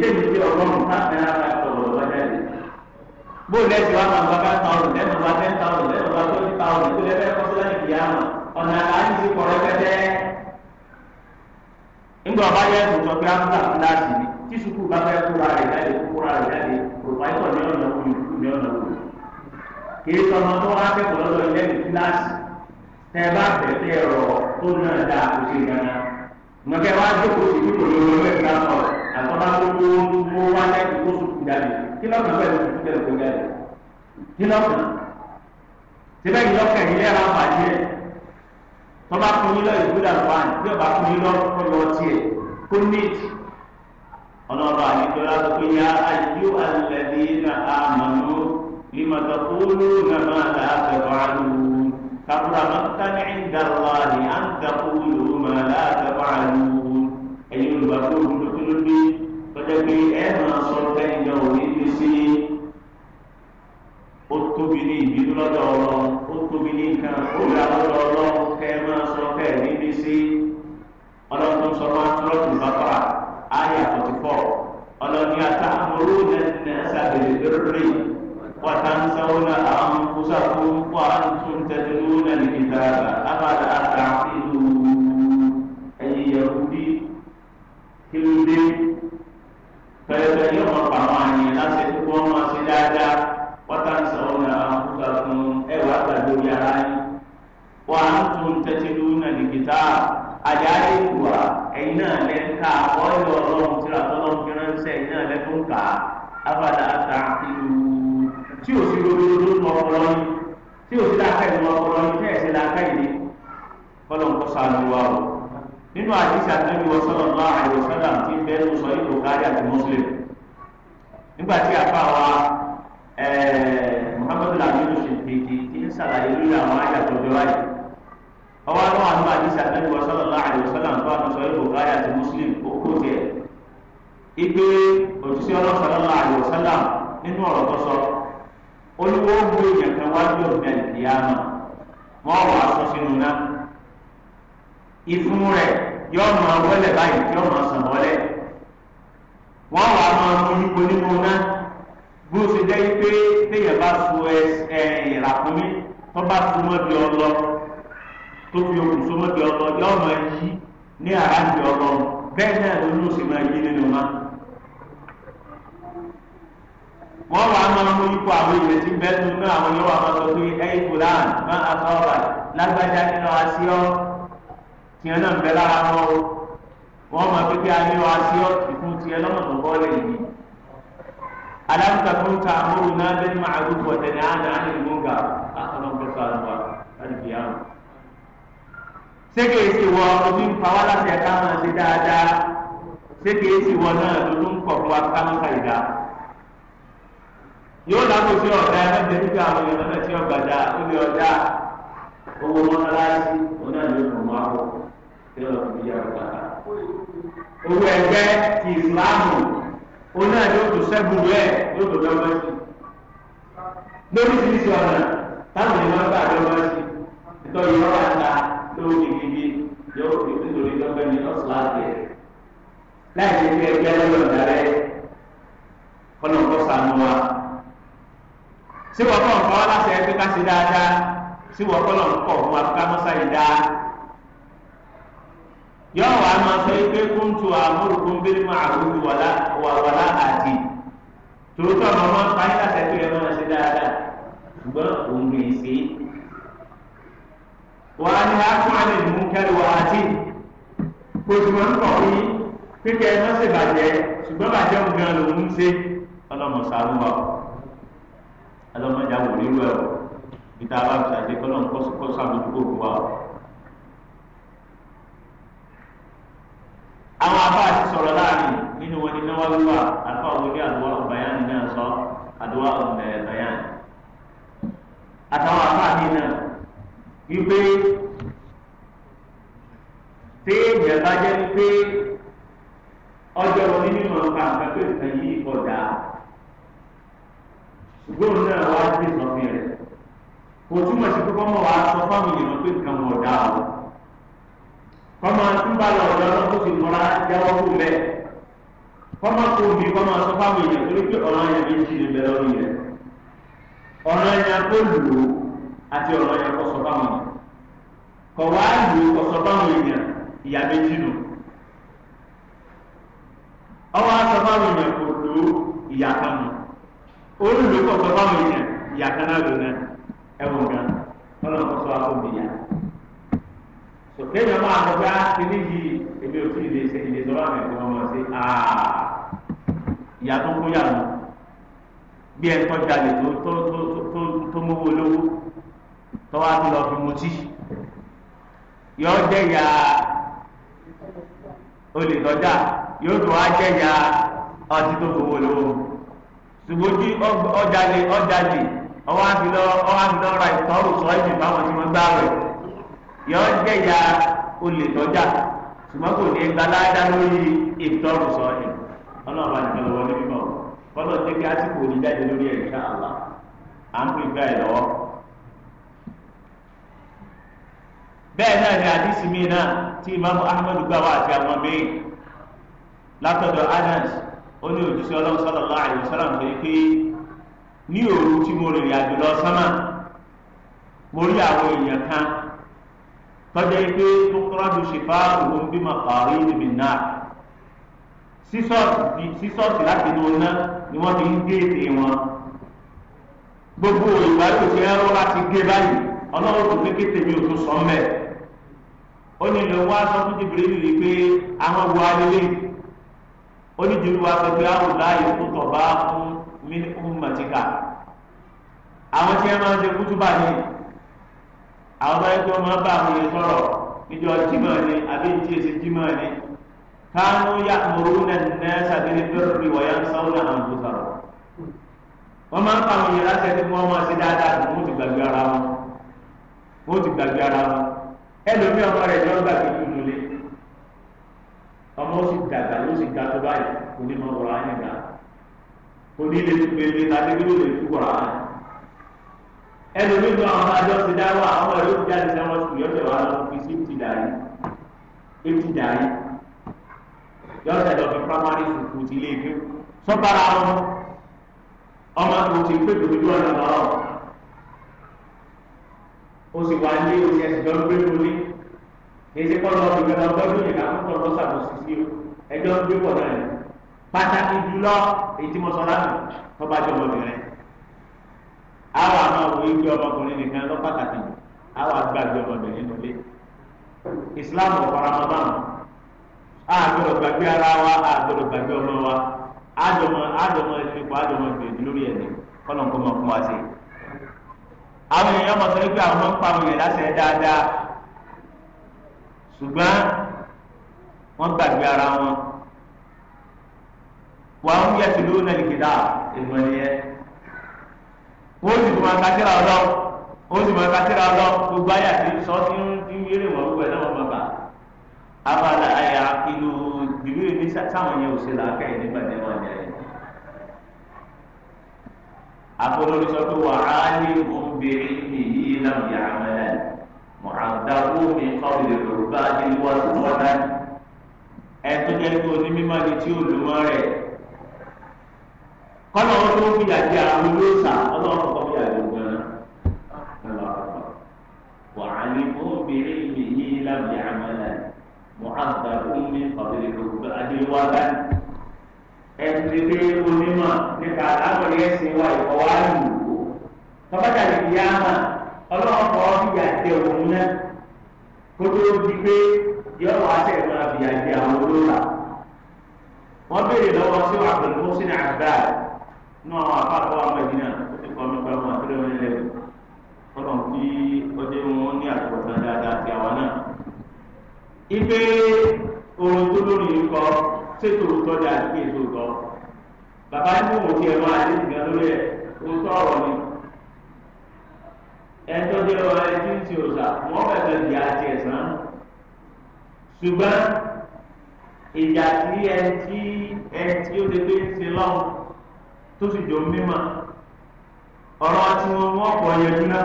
kéèjì bóòlù ẹ̀sìn wa máa ń gba five thousand lẹ́nu wa ten thousand lẹ́nu wa twenty thousand tó lẹ́fẹ̀ẹ́ kọ́ sílẹ̀ nìkìyà mọ̀ ọ̀nà àti ti kọ̀ rẹpẹtẹ. ńgbà ọba yẹ ẹ̀sùn sọ pé áfíríkà kíláàsì ni tí sùkúù bá fẹ́ kóra rẹ̀ jáde kóra rẹ̀ jáde pòfáìtọ̀ ní ọ̀nà òkú ní ọ̀nà òkú. kì í sọmọ tó wá kẹ́kọ̀ọ́ lọ́dọ̀ ilé ní kíláàsì tẹ́ bá fẹ́ tẹ́ tó náà dáa kó gánà. ǹgbẹ́ wá jókòó sí kíkò lórí ọ̀rọ̀ àtọ́ba tó tó tó wá lẹ́yìn tó sùn kú jáde kí lọ́kàn bẹ́ẹ̀ ló sùn kú bẹ́ẹ̀ kó jáde kí lọ́kàn síbẹ̀ yìí lọ́kàn yìí lẹ́ra bàjẹ́ tọ́ba fún yín lọ ìgbúdà lọ́wọ́ àná bí ọba fún yín lọ kọ́ lọ tiẹ̀ kó níìtì ọlọ́ba àyíkọ́lá tó pé yá ayú alẹ́dí na àmàlú limatakulu na máa ta àtẹ̀fàlù kàbúrà mọ́tàní ìdàlá ni à ń takulu máa ta àtẹ̀fàlù ẹ̀yin olùbàdàn ló dé tọ́jà pé ẹ máa sọ ẹnìyàn ò ní ṣe sí ó tóbi ní ìbínú lọ́dọ̀ ọ̀rọ̀ ó tóbi ní nǹkan ó là lọ́dọ̀ ọ̀rọ̀ kẹ́ ẹ máa sọ kẹ́ ẹ níbi sí ọlọ́run sọ máa ń tọ́lọ́tù bàbá ayé àtọ̀tìfọ́ ọlọ́ni àtàkùrú nẹ́ẹ̀nẹ́ sábẹ̀lẹ̀ lórí wàtàǹsáwọ́nà àwọn kúsàkú wà á tún tẹ̀lé lónà nìkìtà àbàdà àti. tí o ti la ka ìlú ọpọlọ ní tí ẹsẹ la ka ìlú fọlọ́n kọ́ sáà ló wà o nínú àdìsí àtúndì wọ sọlọ ńlá àìwọ sọlá tí ń bẹ ló sọ yìí bukari àti muslim nígbà tí a fà wá muhammadu lamini ṣèpèjì tí ń sàlàyé lórí àwọn àyà tó jọ wáyé ọwọ́ àwọn àwọn àdìsí àtúndì wọ sọlọ ńlá àìwọ sọlá tó àti sọ yìí bukari àti muslim ó kó tiẹ̀ ìgbé òjíṣẹ́ ọlọ́sọlá àìwọ sọlá nínú ọ̀rọ̀ tó sọ olùkọ́ ń gbé èèyàn kan wájú ọ̀gbìn àlìkìyàmà wọ́n wà aṣọ sínú náà ìfun rẹ̀ yọ máa wọlé báyìí yọ máa sàn wọlé wọ́n wà máa mú yípo nínú náà bó ṣe jẹ́ pé téèyàn bá so ẹ ìràkúnmí tó bá so mọ́bi ọlọ tó fi okùn so mọ́bi ọlọ yọ máa yí ní àràjì ọlọ bẹ́ẹ̀ náà ló ló ṣe máa yí nínú náà wọ́n wàá máa mú ikú àwọn èèyàn tí ń bẹ́ tún fún àwọn yóò wà máa sọ pé ẹ̀yìn fúlàn máa àtọ́ọ̀bà lágbájá nínú aṣíọ́ tiẹ̀ náà ń bẹ lára wọn o wọ́n máa fi kí ayé wa aṣíọ́ ìfún tiẹ̀ lọ́nà tó bọ́ lẹ̀ yìí. aláǹkà tó ń ta àmúrù náà bẹ́ẹ̀ máa rúbọ tẹ̀lé àná àná ìmúga àtọ́nà gbọ́sọ̀ àlùbá láti fi hàn. sékèèsì wọ ojú ń pa wá láti ẹ̀ká máa ṣe dáadáa sékèèsì wọ náà ló ń kọ̀ fún wa ká yóò dáko sí ọ̀dà ẹ̀ mẹ́tẹ̀ẹ́ nígbà àwọn èèyàn náà tí ọgbà dá ilé ọjà owó mọ́tàláṣí oní àdéhùn ọmọ akọ tí wọ́n fi yára gbàgbà. owó ẹgbẹ́ ti ìsìláàmù oní àdéhùn sẹ́gun rẹ̀ yóò tó lọ́wọ́ sí. lóríṣiríṣi ọ̀nà táwọn èèyàn gbà lọ́wọ́ sí nítorí ọ̀rọ̀ àta lówó gidigidi yóò fi nítorí lọ́gbẹ́ ní ọ̀sùláàtì ẹ̀ láì ní ẹgbẹ́ lọ́wọ́ ọ̀dà rẹ̀ kọ́nà kọ́ sànù wa sí wọ́n kọ́ nǹkan láti ẹ pé ká ṣe dáadáa sí wọ́n kọ́ lọ́n kọ̀ fún akámọ́sá yìí dá. yọ̀ọ́ wàá máa sọ pé kóńtù àmúrùkún bẹ́ẹ̀ máa wúlò wàlá àti tòótọ́ àwọn ọmọ apáyé láti ẹ pé ẹ máa ṣe dáadáa ṣùgbọ́n òun lè ṣe é. wàá ní akọ́ni ìmúkẹ́rù wàá àti kòtùmọ̀ ń kọ̀ yìí pé kẹ́ ẹ má ṣèbàjẹ́ ṣùgbọ́n bàjẹ́ òun gan lòún ń ṣe ọlọ́mọ sàrúmọ̀ ẹlọ́mọdé àwọn onírú ẹ̀ o níta bá fi ṣàṣe kọ́ lọ́n kó sàmójúkò fún wa o. àwọn afá àti sọ̀rọ̀ láàrin nínú wọn ni náwó wíwà àfa òwúlé àdúrà ọ̀bàyàn náà sọ àdúrà ọ̀bàyàn àtàwọn afá mi náà wípé. kò túmọ̀ sí pé kọ́mọ wa sọ fáwọn èèyàn pé nǹkan wọ̀ dá o kọ́mọ túbà lọ ọ̀dọ́ ọ̀dọ́ tó ti mọ́ra jáwọ́ kó bẹ́ẹ̀ kọ́mọ kó mi kọ́mọ sọ fáwọn èèyàn torí pé ọ̀ràn yẹn ló ń ṣe ìbẹ̀ lọ́rùn yẹn ọ̀ràn yẹn kó lù ú àti ọ̀ràn yẹn kó sọ fáwọn èèyàn kọ̀ wá lù ú kó sọ fáwọn èèyàn ìyá méjì nù ọwọ́ aṣọ fáwọn èèyàn kò lù ú ìyá kan nù ó lù ú kó sọ ẹ̀wọ̀n gan lọ́nà kó sọ àkóbì yá. sòkè yẹn máa lọ bá kíní yìí èmi ò tí ì lè ṣe ìlè sọ́wọ́ àmì ẹ̀kọ́ ọmọ sí ìyá tó ń kó yàrá bí ẹ tọ́ jalè tó tó tó tó tó mówó lówó tọ́wá tó lọ fi mutí yọ jẹ́ ìyá olùtọ́jà yóò tún wá jẹ́ ìyá ọtí tó gbowó lówó ṣùgbọ́n ojú ọjàlè ọjàlè ọwọ́ àfilọ́ ọwọ́ àfilọ́ ra ìtọ́rù sọ ẹ̀mí báwọn tí wọ́n gbá rẹ̀ yọ jẹ́ ya olè lọ́jà ṣùgbọ́n kò ní gbalada lórí ìtọ́rù sọ ẹ̀mí ọlọ́run àti ìjọba ní mímọ́ kọ́lọ́ jẹ́ kí àsìkò ní jáde lórí ẹ̀ ṣá àlá à ń pè bẹ́ẹ̀ lọ́wọ́. bẹ́ẹ̀ náà ni àdìsí mi náà tí ìmáàmù Ahmed gbà wá àti àwọn míì látọ̀dọ̀ Anas ó ní òjíṣẹ́ ọlọ́run sallallahu alaihi ní òru tí mo rìnrìn àjò lọ sánmà mo rí àwọn èèyàn kan tọ́jà pé tó kọ́ra ju ṣèfà òun bí mà pàrí ìdìbò náà sísọ́ọ̀sì láti inú iná ni wọ́n ti ń gé ètè wọn gbogbo ìgbàlódé ti ẹ̀rọ láti gé báyìí ọlọ́run tó kékeré mi ò tún sọ mẹ́ẹ̀ onílò wa sọ fún jìbìrì rí pé àwọn wo alẹ́lẹ́ oníjìbìrì wa sọ pé àwọn láàyè tó tọ̀ bá fún min ummatika àwọn tí wọ́n máa ń ṣe kútúbà ní àwọn báyìí tí wọ́n máa ń bá àwọn yẹn sọ̀rọ̀ ìjọ jimá ni àbí ìtí èsì jimá ni kánú ya'muruna an-nasa bil-birri wa yansawna anfusahum wọ́n máa ń fa àwọn yẹn láti ẹni wọ́n máa ṣe dáadáa kò wọ́n ti gbàgbé ara wọn wọ́n ti gbàgbé ara wọn ẹlòmíì ọmọ rẹ̀ yọ gbàgbé dúdú lé ọmọ ó sì dàgbà ó sì ga tó báyìí kò ní mọ ọ̀rọ̀ ayé gbà onílé tó gbé ní adébílò lè tú wàá ẹlòmíì tó àwọn àjọ ti dá wà àwọn ẹ̀rọ ti jáde sáwọn sùn yọ̀tẹ̀ wà lọ fi sí ti dàrí etí dàrí yọ̀tẹ̀ lọ fi primary school ti lé ibi sọ́kàrà wọn ọmọ tó ti pé tòjú ọ̀nà lọ́rọ̀ o sì wà ní o sì ẹ̀sìn lọ́dún pé mo ní èsì kọ́ lọ́ọ́ ìgbàlá ọgbọ́dún yìí ká tó kọ́ lọ́sàbòsì sí o ẹjọ́ gbé pọ̀ náà pàtàkì jùlọ èyí tí mo sọ lánàá ọmọbìnrin àwọn àmọ́ òwe gbé ọmọkùnrin nìkan lọ pàtàkì àwọn àgbàgbé ọmọbìnrin nílé ìsìláàmù ọ̀faramọ́ báwọn gbàgbé ara wa àgbọ̀dọ̀ gbàgbé ọmọ wa àjọmọ àjọmọ ìfipò àjọmọ ìgbèjì lórí kọ́nà kó fún wa sí àwọn èèyàn mọ̀ àwọn máa ń pa àwọn èèyàn dáadáa ṣùgbọ́n wọ́n gbàgbé wà ń yẹ tìlú nàìjíríà ìmọ̀ nìyẹn wọ́n sì tún máa kásíra ọlọ́ wọ́n sì máa kásíra ọlọ́ gbogbo ayé àti sọ tí ń tí ń yéré wọ́n gbogbo ẹ̀ náà wọ́n máa bà abala ayé ìlú bìbí ní sáwọn yẹn ò ṣe làákẹ́ yìí nígbà tí wọ́n yẹ akọlọ́ni sọ pé wà á ní obìnrin nìyí láwùjọ àmàlà mọ̀àdàkú mi kọ́bìlì yorùbá ní wọ́n ti wọ́n dání ẹ̀ tó jẹ́ kọ́nà wọn tó fi àti àwọn olóòsà ọlọ́run kọ́ fi àjò gan-an. wà á ní obìnrin mi ní lábẹ́ àmàlà mọ̀hàbà omi ọ̀bẹ̀rẹ̀ gbogbo adéwálá ẹni pé onímọ̀ nípa àbọ̀lẹ̀ ẹ̀sìn wa ìkọ̀wá lù ú. tọ́bátà lè fi yáàmà ọlọ́run kọ́ fi àjẹ òun náà kó tó di pé yọ wá sẹ̀ máa fi àjẹ àwọn olóòsà. wọ́n béèrè lọ́wọ́ sí wàhálà mọ́sínà àgbáyé nínú àwọn àbá àbọ̀ àwọn ẹ̀dín náà ó ti kọ́ nípa ọmọ àti lẹ́wọ̀n ilẹ̀ kọ́nà tí ọdẹ wọn ní àtúbọ̀tán dáadáa ti àwọn náà. ipe ohun tó lórí yìí kọ ṣètò òótọ́ dé àti ètò òótọ́ bàbá yìí kò tiẹ̀ máa dé ìgbà lórí ẹ̀ òótọ́ ọ̀rọ̀ ni ẹjọ́ jẹ́ ọ̀rọ̀ ẹtí ń ti òòsà wọ́n bẹ̀rẹ̀ di àti ẹ̀sán ṣùgbọ́n ìjà tí ẹtí ẹtí ó lè gbé ń lọ́wọ́ tó sì jọ mímà ọ̀rọ̀ tí wọ́n wọ́n pọ̀ yẹjú náà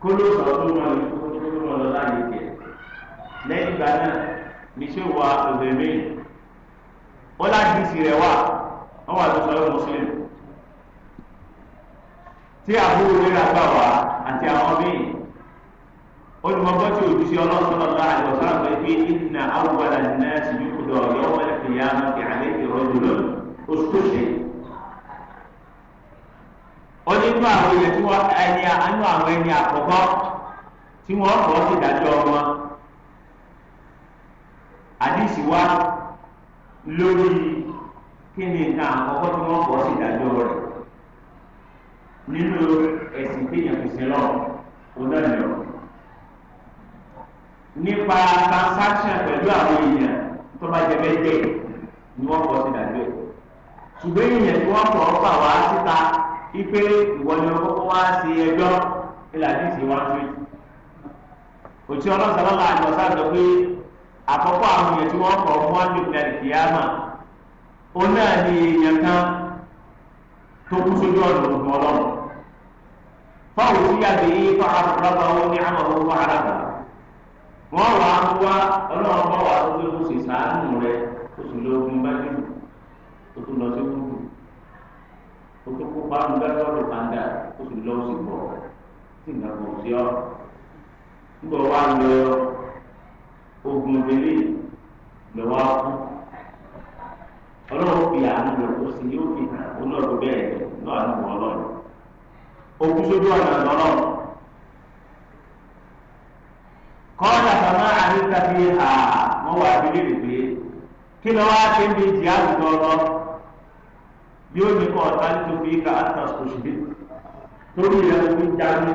kó ló sọ tó wọn lè kó tó wọn lọ láàyè kẹ lẹ́yìn ìgbà náà níṣẹ́ wà òbẹ̀mí ó láti sì rẹ̀ wà wọ́n wà lọ́sọ̀ ọ́ mùsùlùmí tí àbúrò rẹ̀ rà gbà wá àti àwọn míì olùmọ̀gbọ́n tí òjúṣe ọlọ́sọ̀rọ̀ náà àlùfáà pé pé ìnà àwùwalà náà sì yúkú lọ yọ̀wọ̀ ẹ̀fẹ̀ yá máa fi àlẹ́ ìrọ́jú lọ oṣù tó ṣe é ó nínú àwọn ilẹ̀ tí wọ́n ẹni àánú àwọn ẹni àkọ́kọ́ tí wọ́n kọ́ sí ìdájọ́ wọn àdìsí wa lórí kí ni nǹkan àkọ́kọ́ tí wọ́n kọ́ sí ìdájọ́ rẹ̀ nínú ẹ̀sìn téèyàn fi sin lọ́wọ́ onáyọ̀ nípa transaction pẹ̀lú àwọn èèyàn tó bá jẹ bẹ́ẹ̀ ni wọ́n kọ́ sí ìdájọ́ ẹ̀ ṣùgbọ́n èèyàn tí wọ́n kọ́ fà wá síta ipe ìwọlé ọkọ wa ṣe ẹjọ́ ìlànà ìṣe wa ṣe òtí ọlọ́sàn lọ́la àjọ sáàjọ pé àkọ́kọ́ àwọn èèyàn tí wọ́n kọ̀ fún àdìgbà ìkìyàmà ó náà ní èèyàn kan tó kú sójú ọ̀nà ògùn ọlọ́run fáwọn tí yàgbé yìí fún àbúrò wọn ní àwọn ọmọ arábà wọn wà á wá ọlọ́run bá wà á tó pé kó sì sàánù rẹ oṣù lógún bá dìbò ó tún lọ sí gbogbo o tó kó pa nígbà tó ọdún pàǹdà o sì lọ sí bọ̀ sí nǹkan kò sí ọ. nígbà wà lọ ogun ìbílẹ̀ lọ wá kú ọlọ́run fi àánú lọ ó sì yóò fi hàn ọlọ́run bẹ́ẹ̀ lọ àánú wọ ọlọ́run. ogun sójú ọ̀nà ọlọ́run. kọ́ńtà bàbá àríkà fi hà wọ́n wà nílé rè pé kí lọ́wọ́ á ṣe ń bí ìjì àwùjọ lọ yóò ní kọ́ ọ̀tá ní tóbi ká àtà òṣèlú torí ìyá ló ń jáde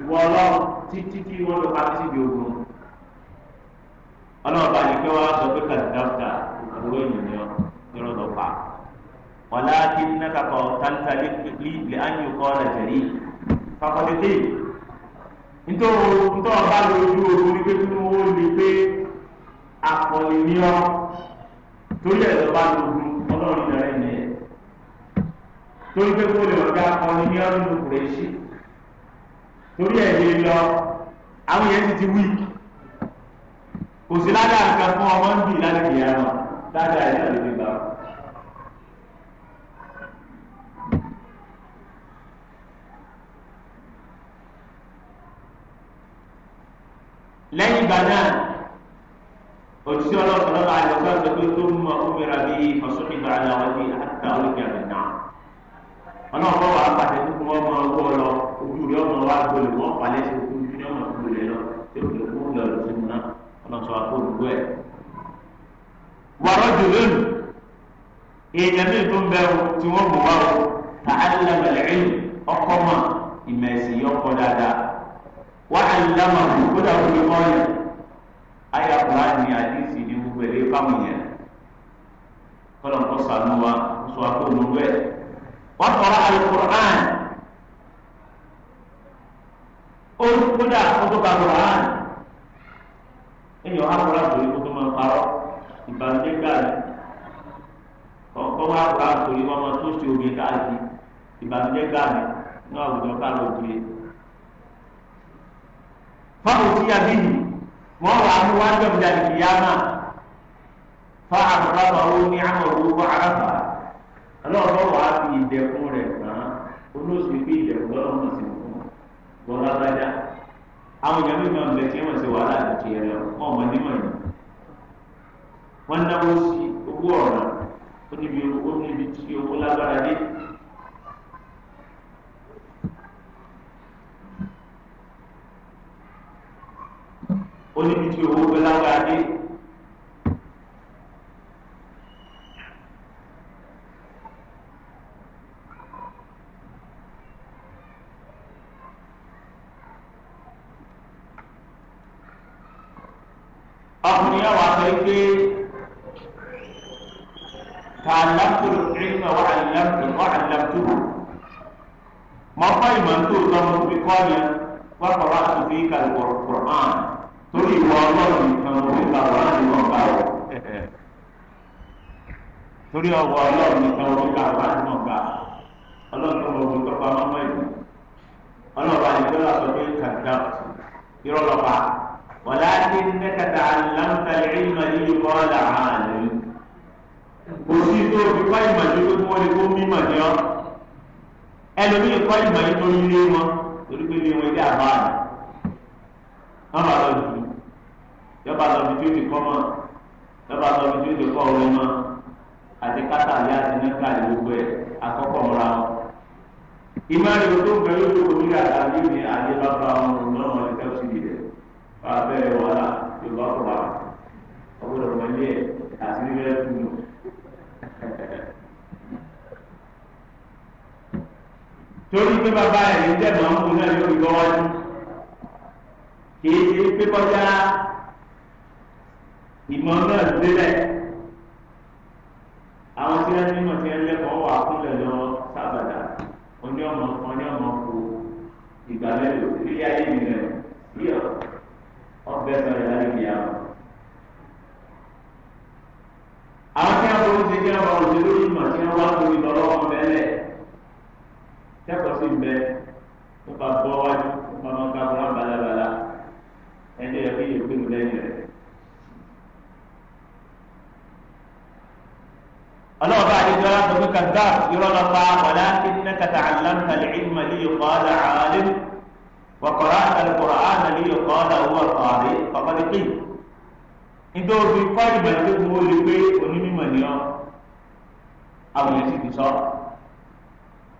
ìwọ ọlọ́run títí tí wọ́n lọ pàtó síbi ogun ọlọ́run bá yìí pé wọ́n á sọ pé kàdídáfíà àbúrò ènìyàn yọ̀rọ̀ lọ pa wọ́n á kí ní kakọ̀ tálítà lè á yìí kọ́ ọ̀rẹ́ tẹ̀lé kakọ̀tẹ̀tẹ̀ nítorí nítorí ọba lójú ogun ní pé kí wọ́n lè pé akọ̀lẹ̀ ní ọ torí ẹ̀ lọ́ba lójú ọlọ́run yẹn rẹ̀ nìyẹn torí pé kó lè ọ̀gá akọni ní ọdún kùrẹ́ṣì torí ẹ̀ lè lọ àwọn yẹn ti ti wí kò sí ládàá nǹkan fún ọmọ ń bì láti ìyá náà ládàá ẹ̀ náà lè fi gbà. lẹ́yìn ìgbà náà òṣìṣẹ́ ọlọ́sọ̀rọ̀ bá a lọ sọ́dọ̀ pé tó mọ omi rà bíi fọ́sọ́kì bá a lọ àtàwọn ìgbà náà. ọlọ́run wà á pàṣẹ kí wọ́n máa wú ọ ojú rẹ ọmọ wa gbolè sí ojú rẹ ọmọ gbolè lọ tí o lè fún yọ lọ sínú náà ọlọ́run sọ àpò olùkú ẹ̀. wàrọ̀ jù lónìí èèyàn mi bẹ tí wọ́n wá o ìmọ̀ ẹ̀sìn dáadáa wà á wàtọ̀rọ̀ alukur'an olùkúdà kótópa kur'an èèyàn akura torí kótó máa ń parọ́ ìbànújẹ́ gbàlẹ́ kọ̀ọ̀kan wá akura torí wọn máa tó ṣe omi káàkiri ìbànújẹ́ gbàlẹ́ ní àwùjọ káàlọ́ òkúye. fáwọn tí a bí yìí wọ́n wà á ọlọ́run wà á fi ìdẹ̀kùn rẹ̀ kàn án olóòsì pé ìdẹ̀kùn lọ́rùn náà sì fún un wọn lágbájá àwọn èèyàn mímọ ń bẹ tí wọn ṣe wàhálà àti ẹrẹ ọmọ nímọ yìí wọn náwó sí owó ọ̀ràn ó níbi ó níbi tí owó lágbára dé. ó níbi tí owó gbẹ lágbára dé. kọ́ yẹn wọ́n kọ́ wá sí bí kàlùkọ̀ kùrán torí ìwọ ọlọ́run nìkan òwe kàlùkọ̀ nìkan kà ó torí ọwọ́ ọlọ́run nìkan òwe kàlùkọ̀ nìkan kà ọlọ́run tó wọ́n tó pa mọ́mọ́ ìlú ọlọ́ba nìkan lọ́sọ̀ pé kàdá irọ́ lọ́ba wàláàkì nẹ́kàtà àlámùtàlẹ́ ìmọ̀ yìí kọ́ làálẹ́ kò sí tó fi kọ́ ìmọ̀ yìí tó kọ́ ìmọ̀ yìí tó mímọ̀ yìí ọ́ ẹlòmíì kọ́ ìmọ̀ yìí tó yí lé wọn torí pé ní wọn ilé àbá rẹ̀ wọn bá lọ jù yọba lọ bí tí ó ti kọ́ mọ́ yọba lọ bí tí ó ti kọ́ ọ̀rẹ́ mọ́ àti kátà yá àti nẹ́ka ìlúgbọ́ ẹ̀ akọ́kọ́ mọ́ra wọn. ìmọ̀lẹ́ o tó ń bẹ̀rẹ̀ ojú omi àgbà yìí ni àyè bá bá wọn lọ́nà wọn lẹ́kẹ́ sí ìdílé wàá bẹ̀rẹ̀ wàhálà Yorùbá kọ̀ wá ọgbọ́dọ̀ mọ́lẹ́ àti nílẹ̀ fún mi. torí pé bàbá ẹ̀ ní tẹ̀ máa ń kun náà yóò gbọ́ wájú kìí ṣe pé kọjá ìmọ̀ náà délẹ̀ àwọn tí wọ́n nímọ̀ tí wọ́n lẹ́kọ̀ọ́ wà kúnlẹ̀ lọ sábàdà oní ọmọ oní ọmọ kò ìgbà mẹ́lò ilé ayé mi rẹ̀ yíyọ ọbẹ̀ sọ̀rọ̀ láti fi àwọn. àwọn tí wọ́n fọwọ́ sí kí wọ́n wá òṣèlú ìmọ̀ tí wọ́n wá lórí lọ́wọ́ ọbẹ̀ lẹ̀ kẹ́kọ̀ọ́ sí ń bẹ nípa bọ́ wájú nípa máa ń ká fún wa balabala ẹni yẹ kí yẹ pé mi lẹ́yìn rẹ̀. ọlọ́ọ̀bá àdéjọ́ láti ọdún kàdá irọ́ lọ pa wàlá kí ní kàtà àlámta lẹ́yìn màlíyò kọ́lá àlẹ́ wàkọ̀rọ̀ àtàlùkọ̀rọ̀ àmàlíyò kọ́lá owó àtàrí pàpàdékì. nítorí kọ́ ìgbàlódé mo lè pé onímọ̀ ni ọ́ àwọn èsì ti sọ̀rọ̀.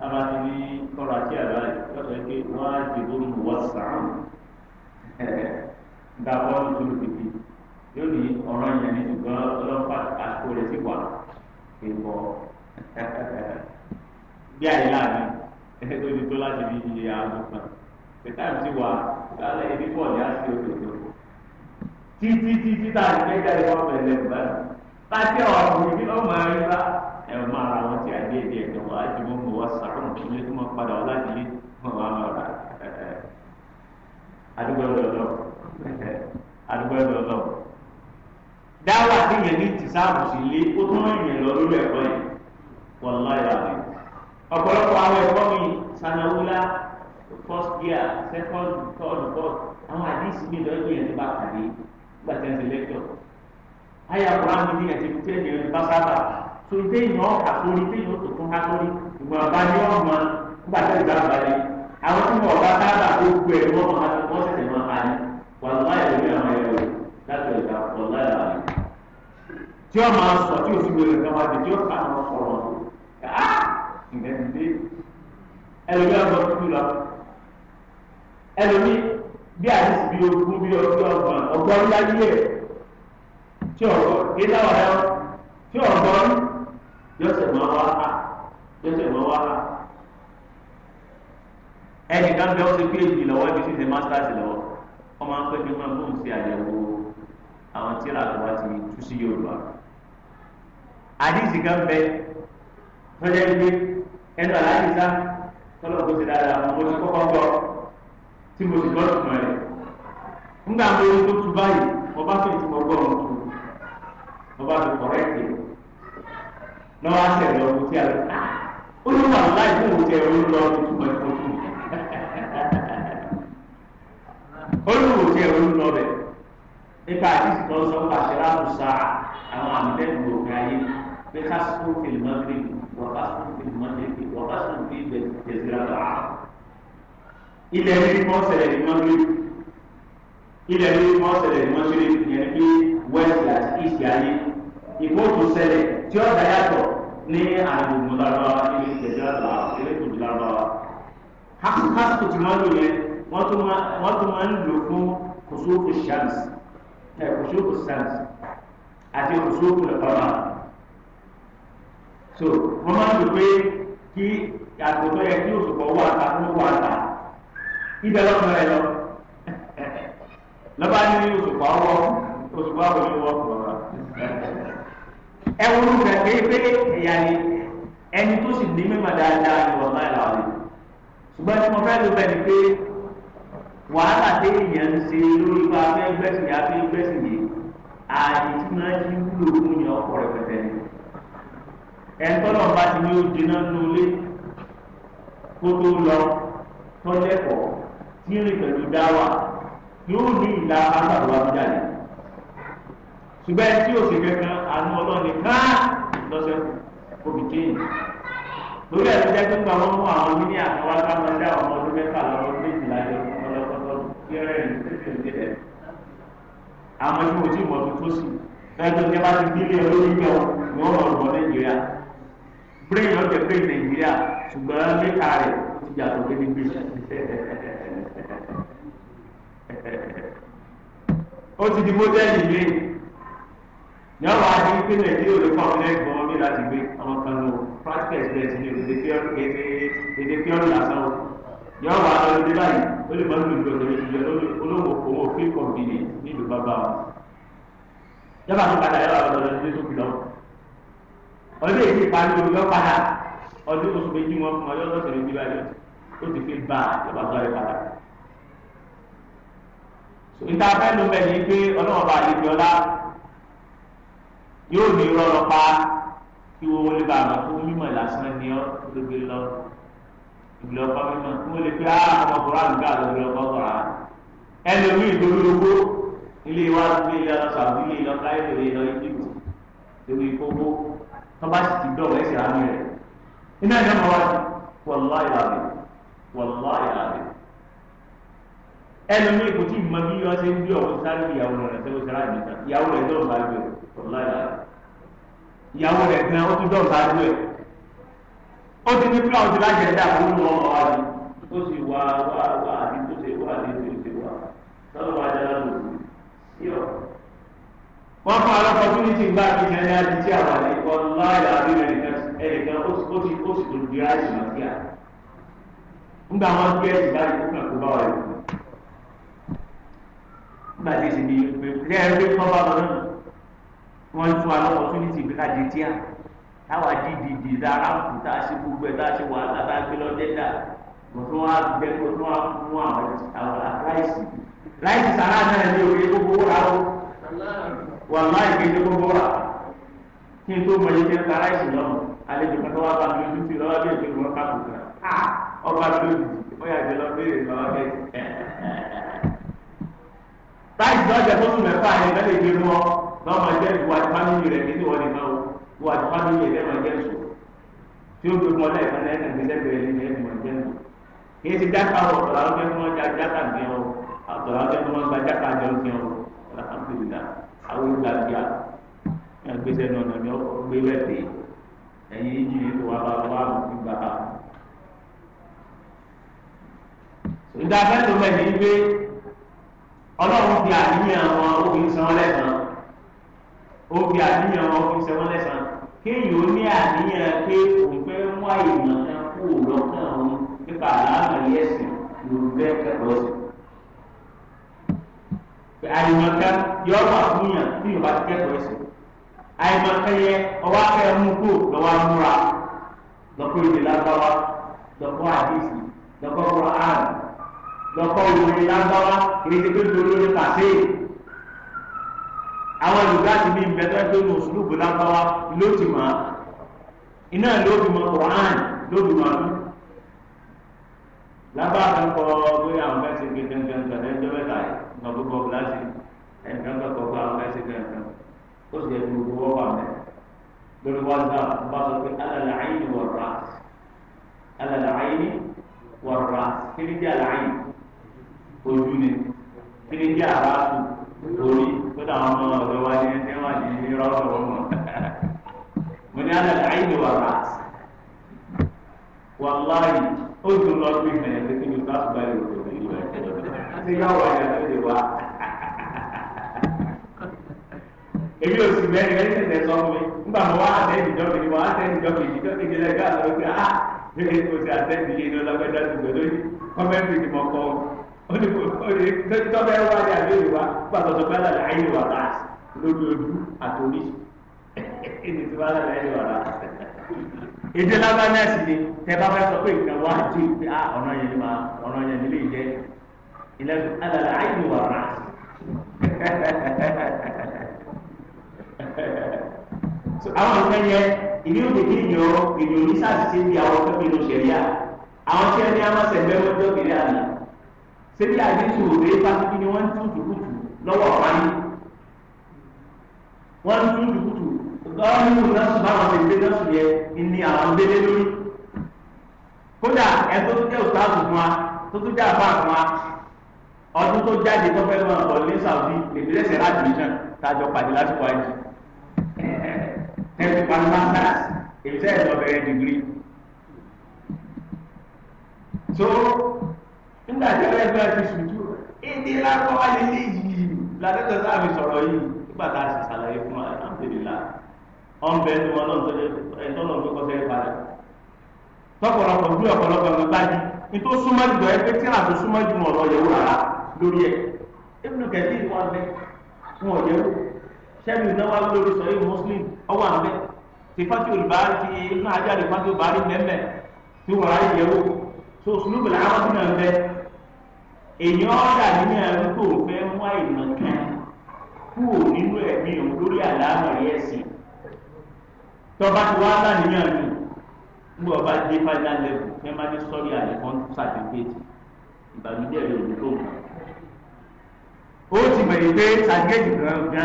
tába ti ní kọ́ra tí àlá yìí lọ́sọ̀ yìí pé wọ́n á mu wọ́n sàn gba bọ́ọ̀lù tó lù yóò ní ọ̀rọ̀ yẹn ní ṣùgbọ́n ọlọ́pàá àsìkò rẹ̀ sì wà pé bọ́ [LAUGHS] bí àyè láàrin ó ti tó láti fi iye aago kan pẹ̀tà ti wà lálẹ́ ibi bọ̀ ní tó tá a ti gbẹ́jà wá sàrùn kí ilé tó máa padà wá láti ilé wọn wá máa rà adúgbò lọ́lọ́ adúgbò lọ́lọ́ dáwà tí yẹn ní tìsáàbù sí ilé ó tó ń rìn lọ lórí ẹ̀kọ́ yìí wọ́n láyà rẹ̀ ọ̀pọ̀lọpọ̀ àwọn ẹ̀kọ́ mi sanawula first year second third fourth àwọn àdìsí mi lọ́ọ́ yẹn nípa pàdé gbàtẹ́sí lẹ́kọ̀ọ́ ayé àkùrá mi ní ẹ̀sìn tí ẹ̀yẹ bá sábà tó ìdéyìn ọ̀kà sórí ìdéyìn ó tó fún ká sórí. ìmọ̀ ọba ní ọmọ nígbà tó ìgbà balẹ̀ àwọn tí mo ọba sábà tó gbé e, ẹ̀ wọ́n máa tó wọ́n máa ni lórí àwọn láti tí máa sọ tí òsì wẹ̀rẹ̀ kan máa dé tí ó kà á sọ̀rọ̀ ká ìgbẹ́ndé ẹlòmí tuntun ẹlòmí bí àdìsí bí bí tí kí tẹsẹ̀ mọ́ wá ẹnìkan bẹ ọ́ phd lọ́wọ́ ibi sì ṣe masters lọ́wọ́ wọ́n máa ń pẹ́ bí àwọn tíra tó ti tú sí Yorùbá àdìsí kan bẹ tọ́jà gbé ẹnu àlàyé sá tọ́lọ̀ ti dáadáa mo ti tí mo ti nígbà mo tó tu báyìí mo bá fi ìtumọ̀ gbọ́ tu mo bá fi lọ́wọ́ àṣẹ tí a jẹ orúkọ ìtumọ̀ ẹ̀kọ́ tó olùwò tí ẹ̀rọ lọ bẹ̀ nípa àdìsí kan sọ pé àṣírà kò sa àwọn àmìlẹ́kùn òkè ayé pé kásìkò fìlì mọ́tìrì wọ́n kásìkò fìlì mọ́tìrì wọ́n kásìkò fìlì jẹ̀sìrà lọ àá. ilẹ̀ ní kí wọ́n ṣẹlẹ̀ ní mọ́tìrì ilẹ̀ ní kí wọ́n ṣẹlẹ̀ ní mọ́tìrì yẹn ní west àti east ayé ìbò tó ṣẹlẹ̀ tí ó dà ní àgbègbè lọ́wọ́ ní jẹ̀sìrà lọ kásìkò tí wọ́n lò yẹn wọ́n tún máa ń lò fún kòsóòfò shams ẹ̀ kòsóòfò shams àti kòsóòfò lọ́pàá so wọ́n máa ń lò pé kí àgbọ̀tọ̀ yẹ kí oṣù kan wà ta fún wà ta ibẹ̀ lọ́kàn rẹ lọ lọ́ba ní oṣù kan wọ oṣù kan wọ ní wọ́n kọ̀ ẹ wọ́n lù kẹ́kẹ́ pé ẹ̀yà ni ẹni tó sì ní mímọ̀ dáadáa ni wọ́n máa ń lọ ṣùgbọ́n tí mo fẹ́ ló bẹ̀rẹ̀ pé wàhálà tí èèyàn ń ṣe lórí bá a fẹ́ gbẹ̀sìn yá fẹ́ gbẹ̀sìn yìí ààyè tí máa ń yí wúlò fún yàn ọkọ rẹ̀ pẹ̀tẹ́ ni ẹ̀ńtọ́ náà bá ti ní ó jiná nulẹ̀ kó tó lọ tọ́lẹ́kọ̀ọ́ tí ń rìn pẹ̀lú dáwà yóò ní ìlà alábàbà bí jáde ṣùgbọ́n tí òsè kankan àánú ọlọ́ni ká lọ́sẹ̀ kò fi kéyìn lórí ẹ̀sìn jẹ́ pé àwọn ọmọ àwọn mi ní àtọwá ká máa dá àwọn ọdún mẹ́fà lọ́wọ́ méjìlá yọ ọlọ́kọ́tọ́ kéré ní títí òde ẹ̀. àwọn ẹni mo ti mọ̀ tó tó sì fẹ́ẹ́ tó jẹ́ bá ti nílé olórí jọ ni wọ́n mọ̀ lọ́wọ́ nàìjíríà brain yóò jẹ́ brain nàìjíríà ṣùgbọ́n mẹ́ta rẹ̀ ti yàtọ̀ gédégbé. ó ti di mọ́tẹ́ẹ̀lì mi ní ọ̀rọ̀ adé pé nàìjíríà ò lè kọ́ láti gbé àwọn kan lọ́wọ́ practical experience ni òdìdí pé kéde kéde pé ọ̀rọ̀ lásán o yọ wà á lọ sí báyìí ó lè má lùdì ọ̀sẹ̀ méjì lọ olówó òun ò feel convenient ní ìlú bàbá o yọba tó padà yọba lọ lọ sí sókè lọ ọdún èyí ìparí omi yọ padà ọdún oṣù méjì wọn fún ọyọ lọ́sẹ̀ méjì báyìí ó ti fi bá yọba tó ayé padà níta fẹ́ ló bẹ̀ ní pé ọlọ́wọ́ bá àlejò ọlá yóò ní rọrọ pa kí wọ́n wọlé bá àwọn fún mímọ̀ lásán ni ọ́ gbégbé lọ ìgbìlẹ̀ ọkọ mímọ̀ kí wọ́n lè pe á ah, ọmọkùnrin àdúgbò àti ìgbìlẹ̀ ọkọ kọ̀ọ̀rọ̀ á ẹlòmíì ìdólógbó ilé wa ilé ilé ọlọ́sọ àbí ilé ilé ọkọ ayélujára ilé ìdìbò lórí ìkókó tọ́ba sì ti dọ̀rọ̀ ẹ̀sìn àmì rẹ̀ iná ìjọba wa wọ̀lọ́ ìlàbẹ̀ wọ̀lọ́ ìlàbẹ̀ ẹlòmíì kò tí ì mọ bí wọ́n ṣe ń bí ọ̀hún sáré ìyàwó rẹ̀ sẹ́wọ́n sáré ìyàwó rẹ̀ tó ń bá gbé wọ̀lọ́ ìlàbẹ̀. ìyàwó rẹ̀ gan otu ti dọ̀tà ju ẹ̀ ó ti ní fúláwù ti lájẹ̀ dá àwọn olùwọ́ wa ni ó sì wá wá wá àti tó ṣe wá àti tó ṣe wá sọ́dọ̀ wá dára lò ó sí ọ̀. wọ́n fún alọ́kọ̀ tó ní ti gbá àti ìyá ní àti tí àwọn àlejò láyà àbílẹ̀ ẹnìkan ó sì ó sì tó di àìsàn àti à. nígbà wọn gbé ẹsìn báyìí fún ẹ̀kọ́ bá wà lẹ́kọ̀ọ́. wọ́n fún wa lọ́wọ́ tó ní ti ìgbéka di tíà táwa di dìdì dára kù tá a ṣe gbogbo ẹ̀ tá a ṣe wàhálà tá a gbé lọ́dẹ́dà kò tún wá gbẹ kò tún wá mú àwọn àwọn ráìsì ráìsì sàrà náà ní òye gbogbo rà ó wàhálà ìgbésẹ̀ gbogbo rà kí n tó mọ iye tẹ́ ta ráìsì lọ́nà àlejò kan tó wá bá mi lójú sí lọ́wọ́ bí èdè wọn káàkó kan ọba lójú ó yàgbé lọ béèrè lọ́wọ́ bẹ́ẹ̀. ráìsì lọ́jọ́ tó tún mẹ́fà yẹn lẹ́lẹ́gbẹ̀rún ọ báwọn máa jẹ́ ìwà fámìlì rẹ̀ nínú wọn nìkan o ìwà fámìlì rẹ̀ máa jẹ́ sùn tí ó gbogbo ọlá ìkànnì ẹ̀ka ní lẹ́gbẹ̀ẹ́ ní ẹ̀ka máa jẹ́ sùn. kì í ti jáka wọ ọ̀tọ̀ àwọn ọ̀gbẹ́ni wọn já jáka ní ọ ọ̀tọ̀ àwọn ọ̀gbẹ́ni wọn gba jáka jọ ní ọ alhamdulillah àwọn ìgbà bíà gbèsè nọ̀nà ni ọ gbé wẹ́ẹ̀dì ẹ̀yìn ìjì wà bá wà ìgbà ìdá fẹ́ẹ́ tó mẹ́rin gbé ọlọ́run fi àníyàn àwọn òbí sanwó lẹ́sàn-án ó fi àníyàn wọn fi sẹ́wọ́n lẹ́sàn-án kéèyàn ó ní àníyàn pé òun fẹ́ mú àyè mọ̀ tán kú òlọ́kàn òun nípa àlàáfà yẹ ẹ̀sìn lòun fẹ́ kẹ́kọ̀ọ́ sí. àyèmọ̀ká yọ ọ́ fún yàn tí yorùbá ti kẹ́kọ̀ọ́ ẹ̀sìn àyèmọ̀ká yẹ ọwọ́ akẹ́ mú kó lọ́wọ́ múra lọ́kọ́ ìdè lágbáwá lọ́kọ́ àdìsí lọ́kọ́ kọ́ àrùn lọ́kọ́ ìwé lágbáwá kìrìtìkì tó lórí kàṣẹ́yìn àwọn yorùbá ti ní ìbẹ́tọ́ tó ní oṣù lóògbé lágbáwá ló ti mọ̀ á iná ló fi mọ Quran ló fi mọ̀ á lú. lábàá kan kọ pé àwọn bẹ́ẹ̀ ṣe gbẹ̀gbẹ̀ gbẹ̀gbẹ̀ lẹ́jọ́ mẹ́ta ìgbà gbogbo gíláàsì ẹ̀ǹkan kan kọ pé àwọn bẹ́ẹ̀ ṣe gbẹ̀gbẹ̀ ó sì yẹ kí gbogbo wọ́n wà lórí WhatsApp bá sọ pé alàlà ayé ni wọ́n alàlà ayé ni wọ́n rà kódà àwọn ọmọ ọ̀dọ́ wa ní ẹni wà ní ní rọ́ọ̀tọ̀ wọn mọ̀ mo ní alẹ́ láì ní wàrà wà láàyè ó dùn lọ sí ìgbà yẹn kí ni ká gba èrò tó ní ìgbà yẹn ti yá wà yẹn lóde wa. èmi ò sì mẹ́rin ẹni tẹ̀sẹ̀ sọ fún mi nígbà mo wá àtẹ́yìn ìjọba ìdìbò àtẹ́yìn ìjọba ìdìbò ìdílé ẹgbẹ́ àlọ́ ìgbà ah bí mo ti àtẹ́yìn ìdílé ìdílé ọlọ́gbẹ́dá ti gbẹ lórí kọ́mẹ́ntì ni mo kọ́ ọ́ ọdẹ ọdẹ tọ́bẹ̀ wá ní àlẹ́ ìwà pàtó tó bá lálẹ́ ayé wà rà lórí ojú àtòrí ẹni tó bá lálẹ́ ayé wà rà. èdè lábánà sì ni tẹ bá fẹ́ sọ pé na wá dé pé á ọ̀nà yẹn ni máa ọ̀nà yẹn ni lè jẹ́ ilẹ̀ alàlẹ́ ayé wà rà. àwọn nǹkan yẹn ìní òde kí ènìyàn ènìyàn oníṣàṣìṣe bí àwọn tó fi lọ ṣẹlẹ̀ àwọn tí ẹni á máa ṣẹgbẹ́ mọ́jọ́ kiri àná ṣebí àdìsù òwe fásitì ni wọ́n ń tún dùkùtù lọ́wọ́ ọ̀páyé wọ́n ń tún dùkùtù gọ́ọ̀nù nọ́ọ̀sì báwọn ṣe gbé nọ́ọ̀sì yẹn ni àwọn gbélé lórí kódà ẹ tó tún jẹ́ òṣàlù fún wa tó tún jẹ́ àbá fún wa ọdún tó jáde tó fẹ́ máa bọ̀ ní Saudi ìdílẹ́sẹ̀ láti mission tájọ pàdé lásìkò àjì tẹ́sí parí masters èyí sẹ́yìn lọ bẹ̀rẹ̀ dìgírì nígbà tí ọ̀rẹ́ gbọ́dọ̀ ti sùjú èdè lákọ́ alẹ́lẹ́ yìí làdẹ́tọ̀ sáàmì sọ̀rọ̀ yìí nígbà tá a sì ṣàlàyé fún àǹtẹ̀lélà ọ̀nbẹ ní wọn náà tọ́nà tó kọ́ sẹ́yìn padà tọ̀pọ̀lọpọ̀ bí ọ̀pọ̀lọpọ̀ ní báyìí ní tó súnmọ́ jùlọ ẹgbẹ́ tí àtò súnmọ́ jù mọ̀ lọ́yẹ̀ wò rárá lórí ẹ̀ ebùnú kẹ̀kẹ́ ìlú wa bẹ́ fún ọ̀yẹ́ wò sẹ́mi ìnáwó lórí sọ yìí Muslim ọwọ́ àbẹ́ tìfátì olùbárí ti inú ajá rẹ̀ fátì olùbárí mẹ́mẹ́ tí wọ́n ráyè yẹ̀ wò so sùnúbìlà àwọn bí náà bẹ́ẹ̀ èèyàn ọ̀dà nínú ẹ̀rú tó fẹ́ mú àìmọ̀ kan nínú ẹ̀mí òun lórí àlámọ̀rí tọba ti wàá bá nìyàn mi nígbà ọba dé fájà lẹ́bù fẹ́ má ní sọ́rí àlẹ́kọ́ sàtìfẹ́tì ìbànújẹ́ rẹ̀ òun tó ó ti bẹ̀rẹ̀ pé wá ọ̀nà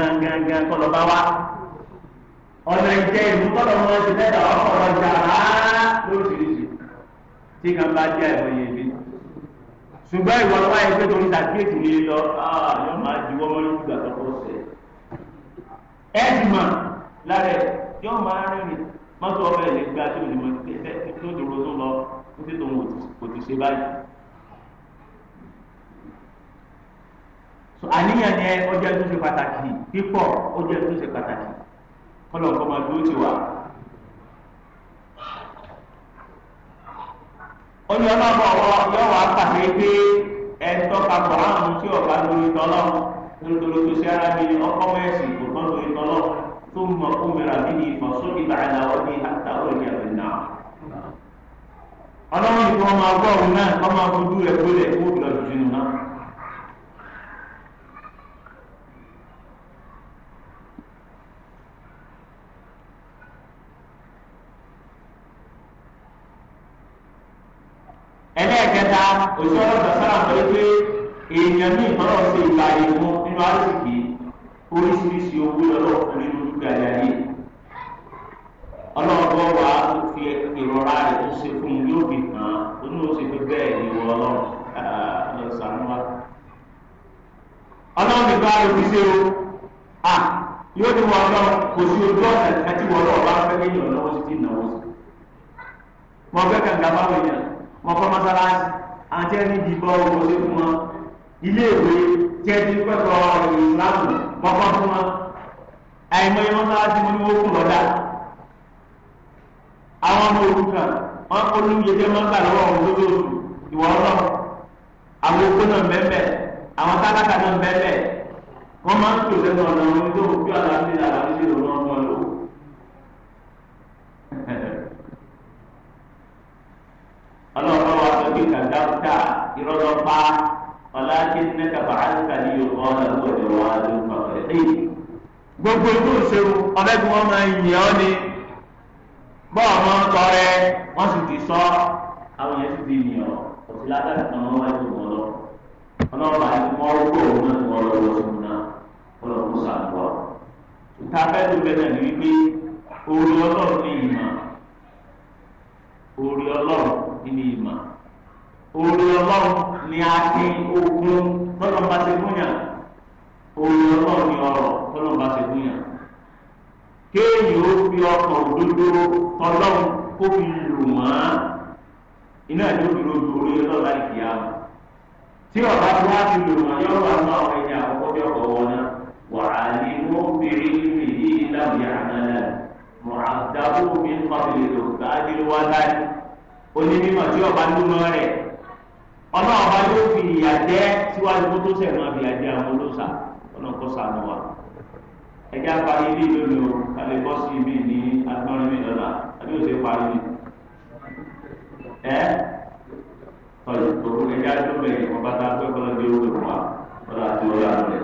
ìjẹ́ ìlú tọ́lọ̀ wọn ti fẹ́ dà kọ́ ṣùgbọ́n ìwọ lọ́wọ́ yẹn pé torí sàkíyèsí ni lọ ah, yóò máa di wọ́n mọ́lẹ́ ìgbà tó kọ́ sẹ̀. ẹ ti mọ̀ lábẹ́ yóò máa rìnrìn mọ́tò ọbẹ̀ lè gba tí òní mọ̀ tẹ́tẹ́ tó dòrò tó lọ tó ti tòun kò ti ṣe báyìí. àníyàn yẹn ó jẹ́ tó ṣe pàtàkì pípọ̀ ó jẹ́ tó ṣe pàtàkì kọ́lọ̀ kọ́ máa dúró ti wà. olùyọ́nàbọ̀ ọ̀wọ́ yóò wá pàṣẹ pé ẹ̀ńtọ́ papọ̀ láwọn tí ọ̀gá lórí tọ́lọ́ nítorí tó ṣe ara bíi ọkọ̀ mẹ́sì kò tán lórí tọ́lọ́ tó mọ kúmìrà bí ní ìfọ̀sọ́ ìgbà àdáwọ̀ ní àtàwọn ìyá rẹ̀ náà. ọlọ́run ìfọ̀ máa gbọ́ òun náà kọ́ máa fojú rẹ̀ gbọ́lẹ̀ kó lọ ẹlẹ́ẹ̀kẹta òṣìṣẹ́ ọlọ́dọ̀ sára sọ pé èèyàn ní ìtọ́lọ̀ ṣe ìgbàyè fún nínú àrísìkì oríṣiríṣi owó lọ́lọ́ọ̀kan nínú dúkìá yàrá ọlọ́ọ̀bọ wa fi ìrora rẹ̀ tó ṣe fún un yóò fi hàn onú oṣù tó bẹ́ẹ̀ ni wọ́n lọ sànú wa. ọlọ́run nípa òbí ṣe o à yóò ní wọn lọ kò sí ojú ọ̀sẹ̀ àti wọn lọ́ọ̀ bá fẹ́ kéèyàn lọ́wọ́ sí ti náwó sí. mo fẹ́ kàǹgà báwo wọn kọ́ mọ́sálásí àti ẹni dìbò òwòlé fún wọn ilé ìwé jẹ́bi pẹ̀lú ìsìlámù mọ́kọ́ fún wọn àwọn ọmọ wọn jẹ́ mọ́ńgà lọ́wọ́ òun lóṣooṣù ìwọ ọlọ́run àwọn okó náà bẹ́ẹ̀ àwọn tálákà náà bẹ́ẹ̀ wọ́n máa ń tò ọ̀nà [LAUGHS] ọlọ́run wa sọ pé kàdáfà ìrọ́lọ́pá ọ̀làkí nẹ́ka fàáńkà ní yorùbá ọ̀làkú ọ̀dọ̀ wa ló ń pàpẹ́ dé. gbogbo tó ń ṣerú ọlẹ́gbẹ̀ẹ́ wọn máa yìn ọ́ ni bọ́ọ̀ mọ́ ń tọrẹ wọ́n sì ti sọ àwọn yẹn ti yìn ọ́ òsì látàkì kan wọ́n wáyé wọn lọ ọlọ́run àti wọn ó òun náà tí wọ́n lọ wọ́n sùn náà wọ́n lọ ìta fẹ́ẹ́ ló bẹ̀rẹ̀ orí ọlọ́run nínú ìmọ̀ orí ọlọ́run ni a ti ogun tọ́lọ́mọba ti gúnyà orí ọlọ́run ni ọrọ̀ tọ́lọ́mọba ti gúnyà kéèyàn ó fi ọkàn òdodo tọlọ́run kó fi lò mọ́ iná ìlú òdodo ju orí ọlọ́run láti fi àmọ́ tí ọba tí wọ́n ti lò mọ́ yọ̀ọ́ wà nínú àwọn ẹ̀yà àkọ́kọ́ bí ọkọ̀ wọn náà wà á ní wọ́n bèrè ìrìn yìí láwùjọ àná dàrú mi fàbílì lò sáájú ló wá láì onímọ̀ tí ọba lúmọ rẹ̀ ọ̀nà ọba yóò fi ìyà jẹ́ síwájú kó tó sẹ̀mọ́ àbíyà jẹ́ àwọn olóòṣà ọ̀nà kó sànù wa. ẹ̀jẹ̀ apáyé ilé ìlú lò kálí bọ́ sí mi ní agbọ́nrin mi lọ́la àbí òṣè parí mi. ẹ ọ̀rọ̀ òkú ẹ̀jẹ̀ àjọ bẹ̀rẹ̀ ìwọ̀n bàtà pé kọ́lọ́ bí ó wù wá ọ̀rọ̀ àti ọ̀rọ̀ àlọ́ rẹ̀.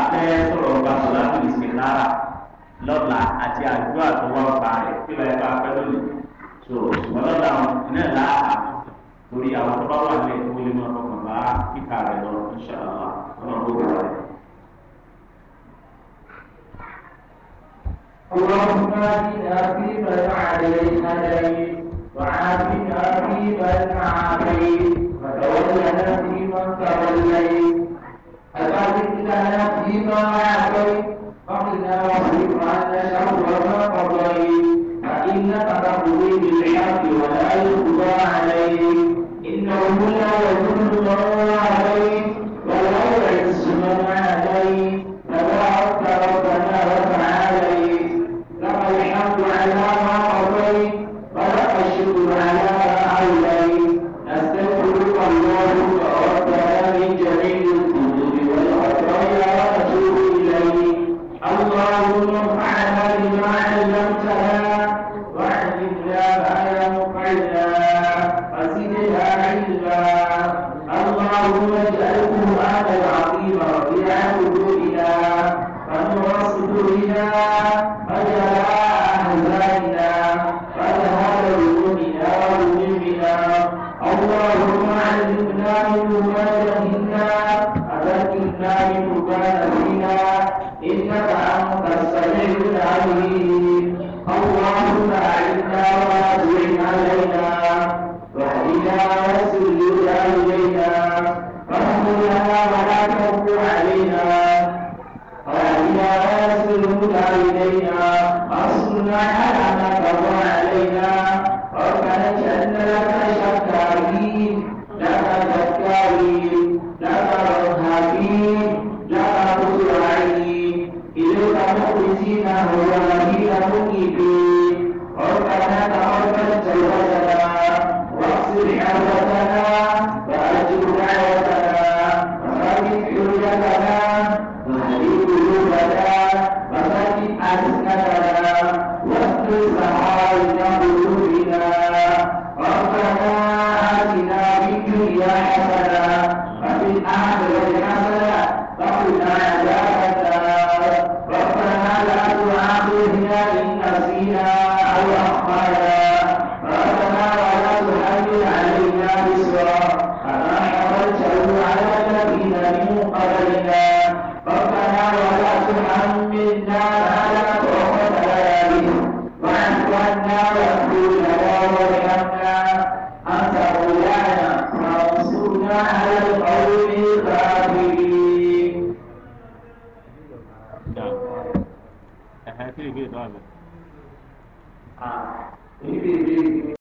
abẹ́ sọ̀rọ̀ ọba lọ́la àti àjọ àtọwọ́ ọba rẹ̀ tí wọ́n yẹ ká pẹ́ lónìí so ṣùgbọ́n lọ́la iná là á torí àwọn tó bá wà ní ẹ̀kọ́ lè máa fọkàn bá kíkà rẹ̀ lọ ìṣàlọ́wà ọ̀nà tó wà rẹ̀. اللهم اهدنا فيمن هديت هديت وعافنا فيمن عافيت وتولنا فيمن توليت أبارك لنا فيما أعطيت قبلنا واصرف عنا شر ما قضيت فإنك تقضي بالحق ولا يقضى عليك إنه لا يذل الله عليك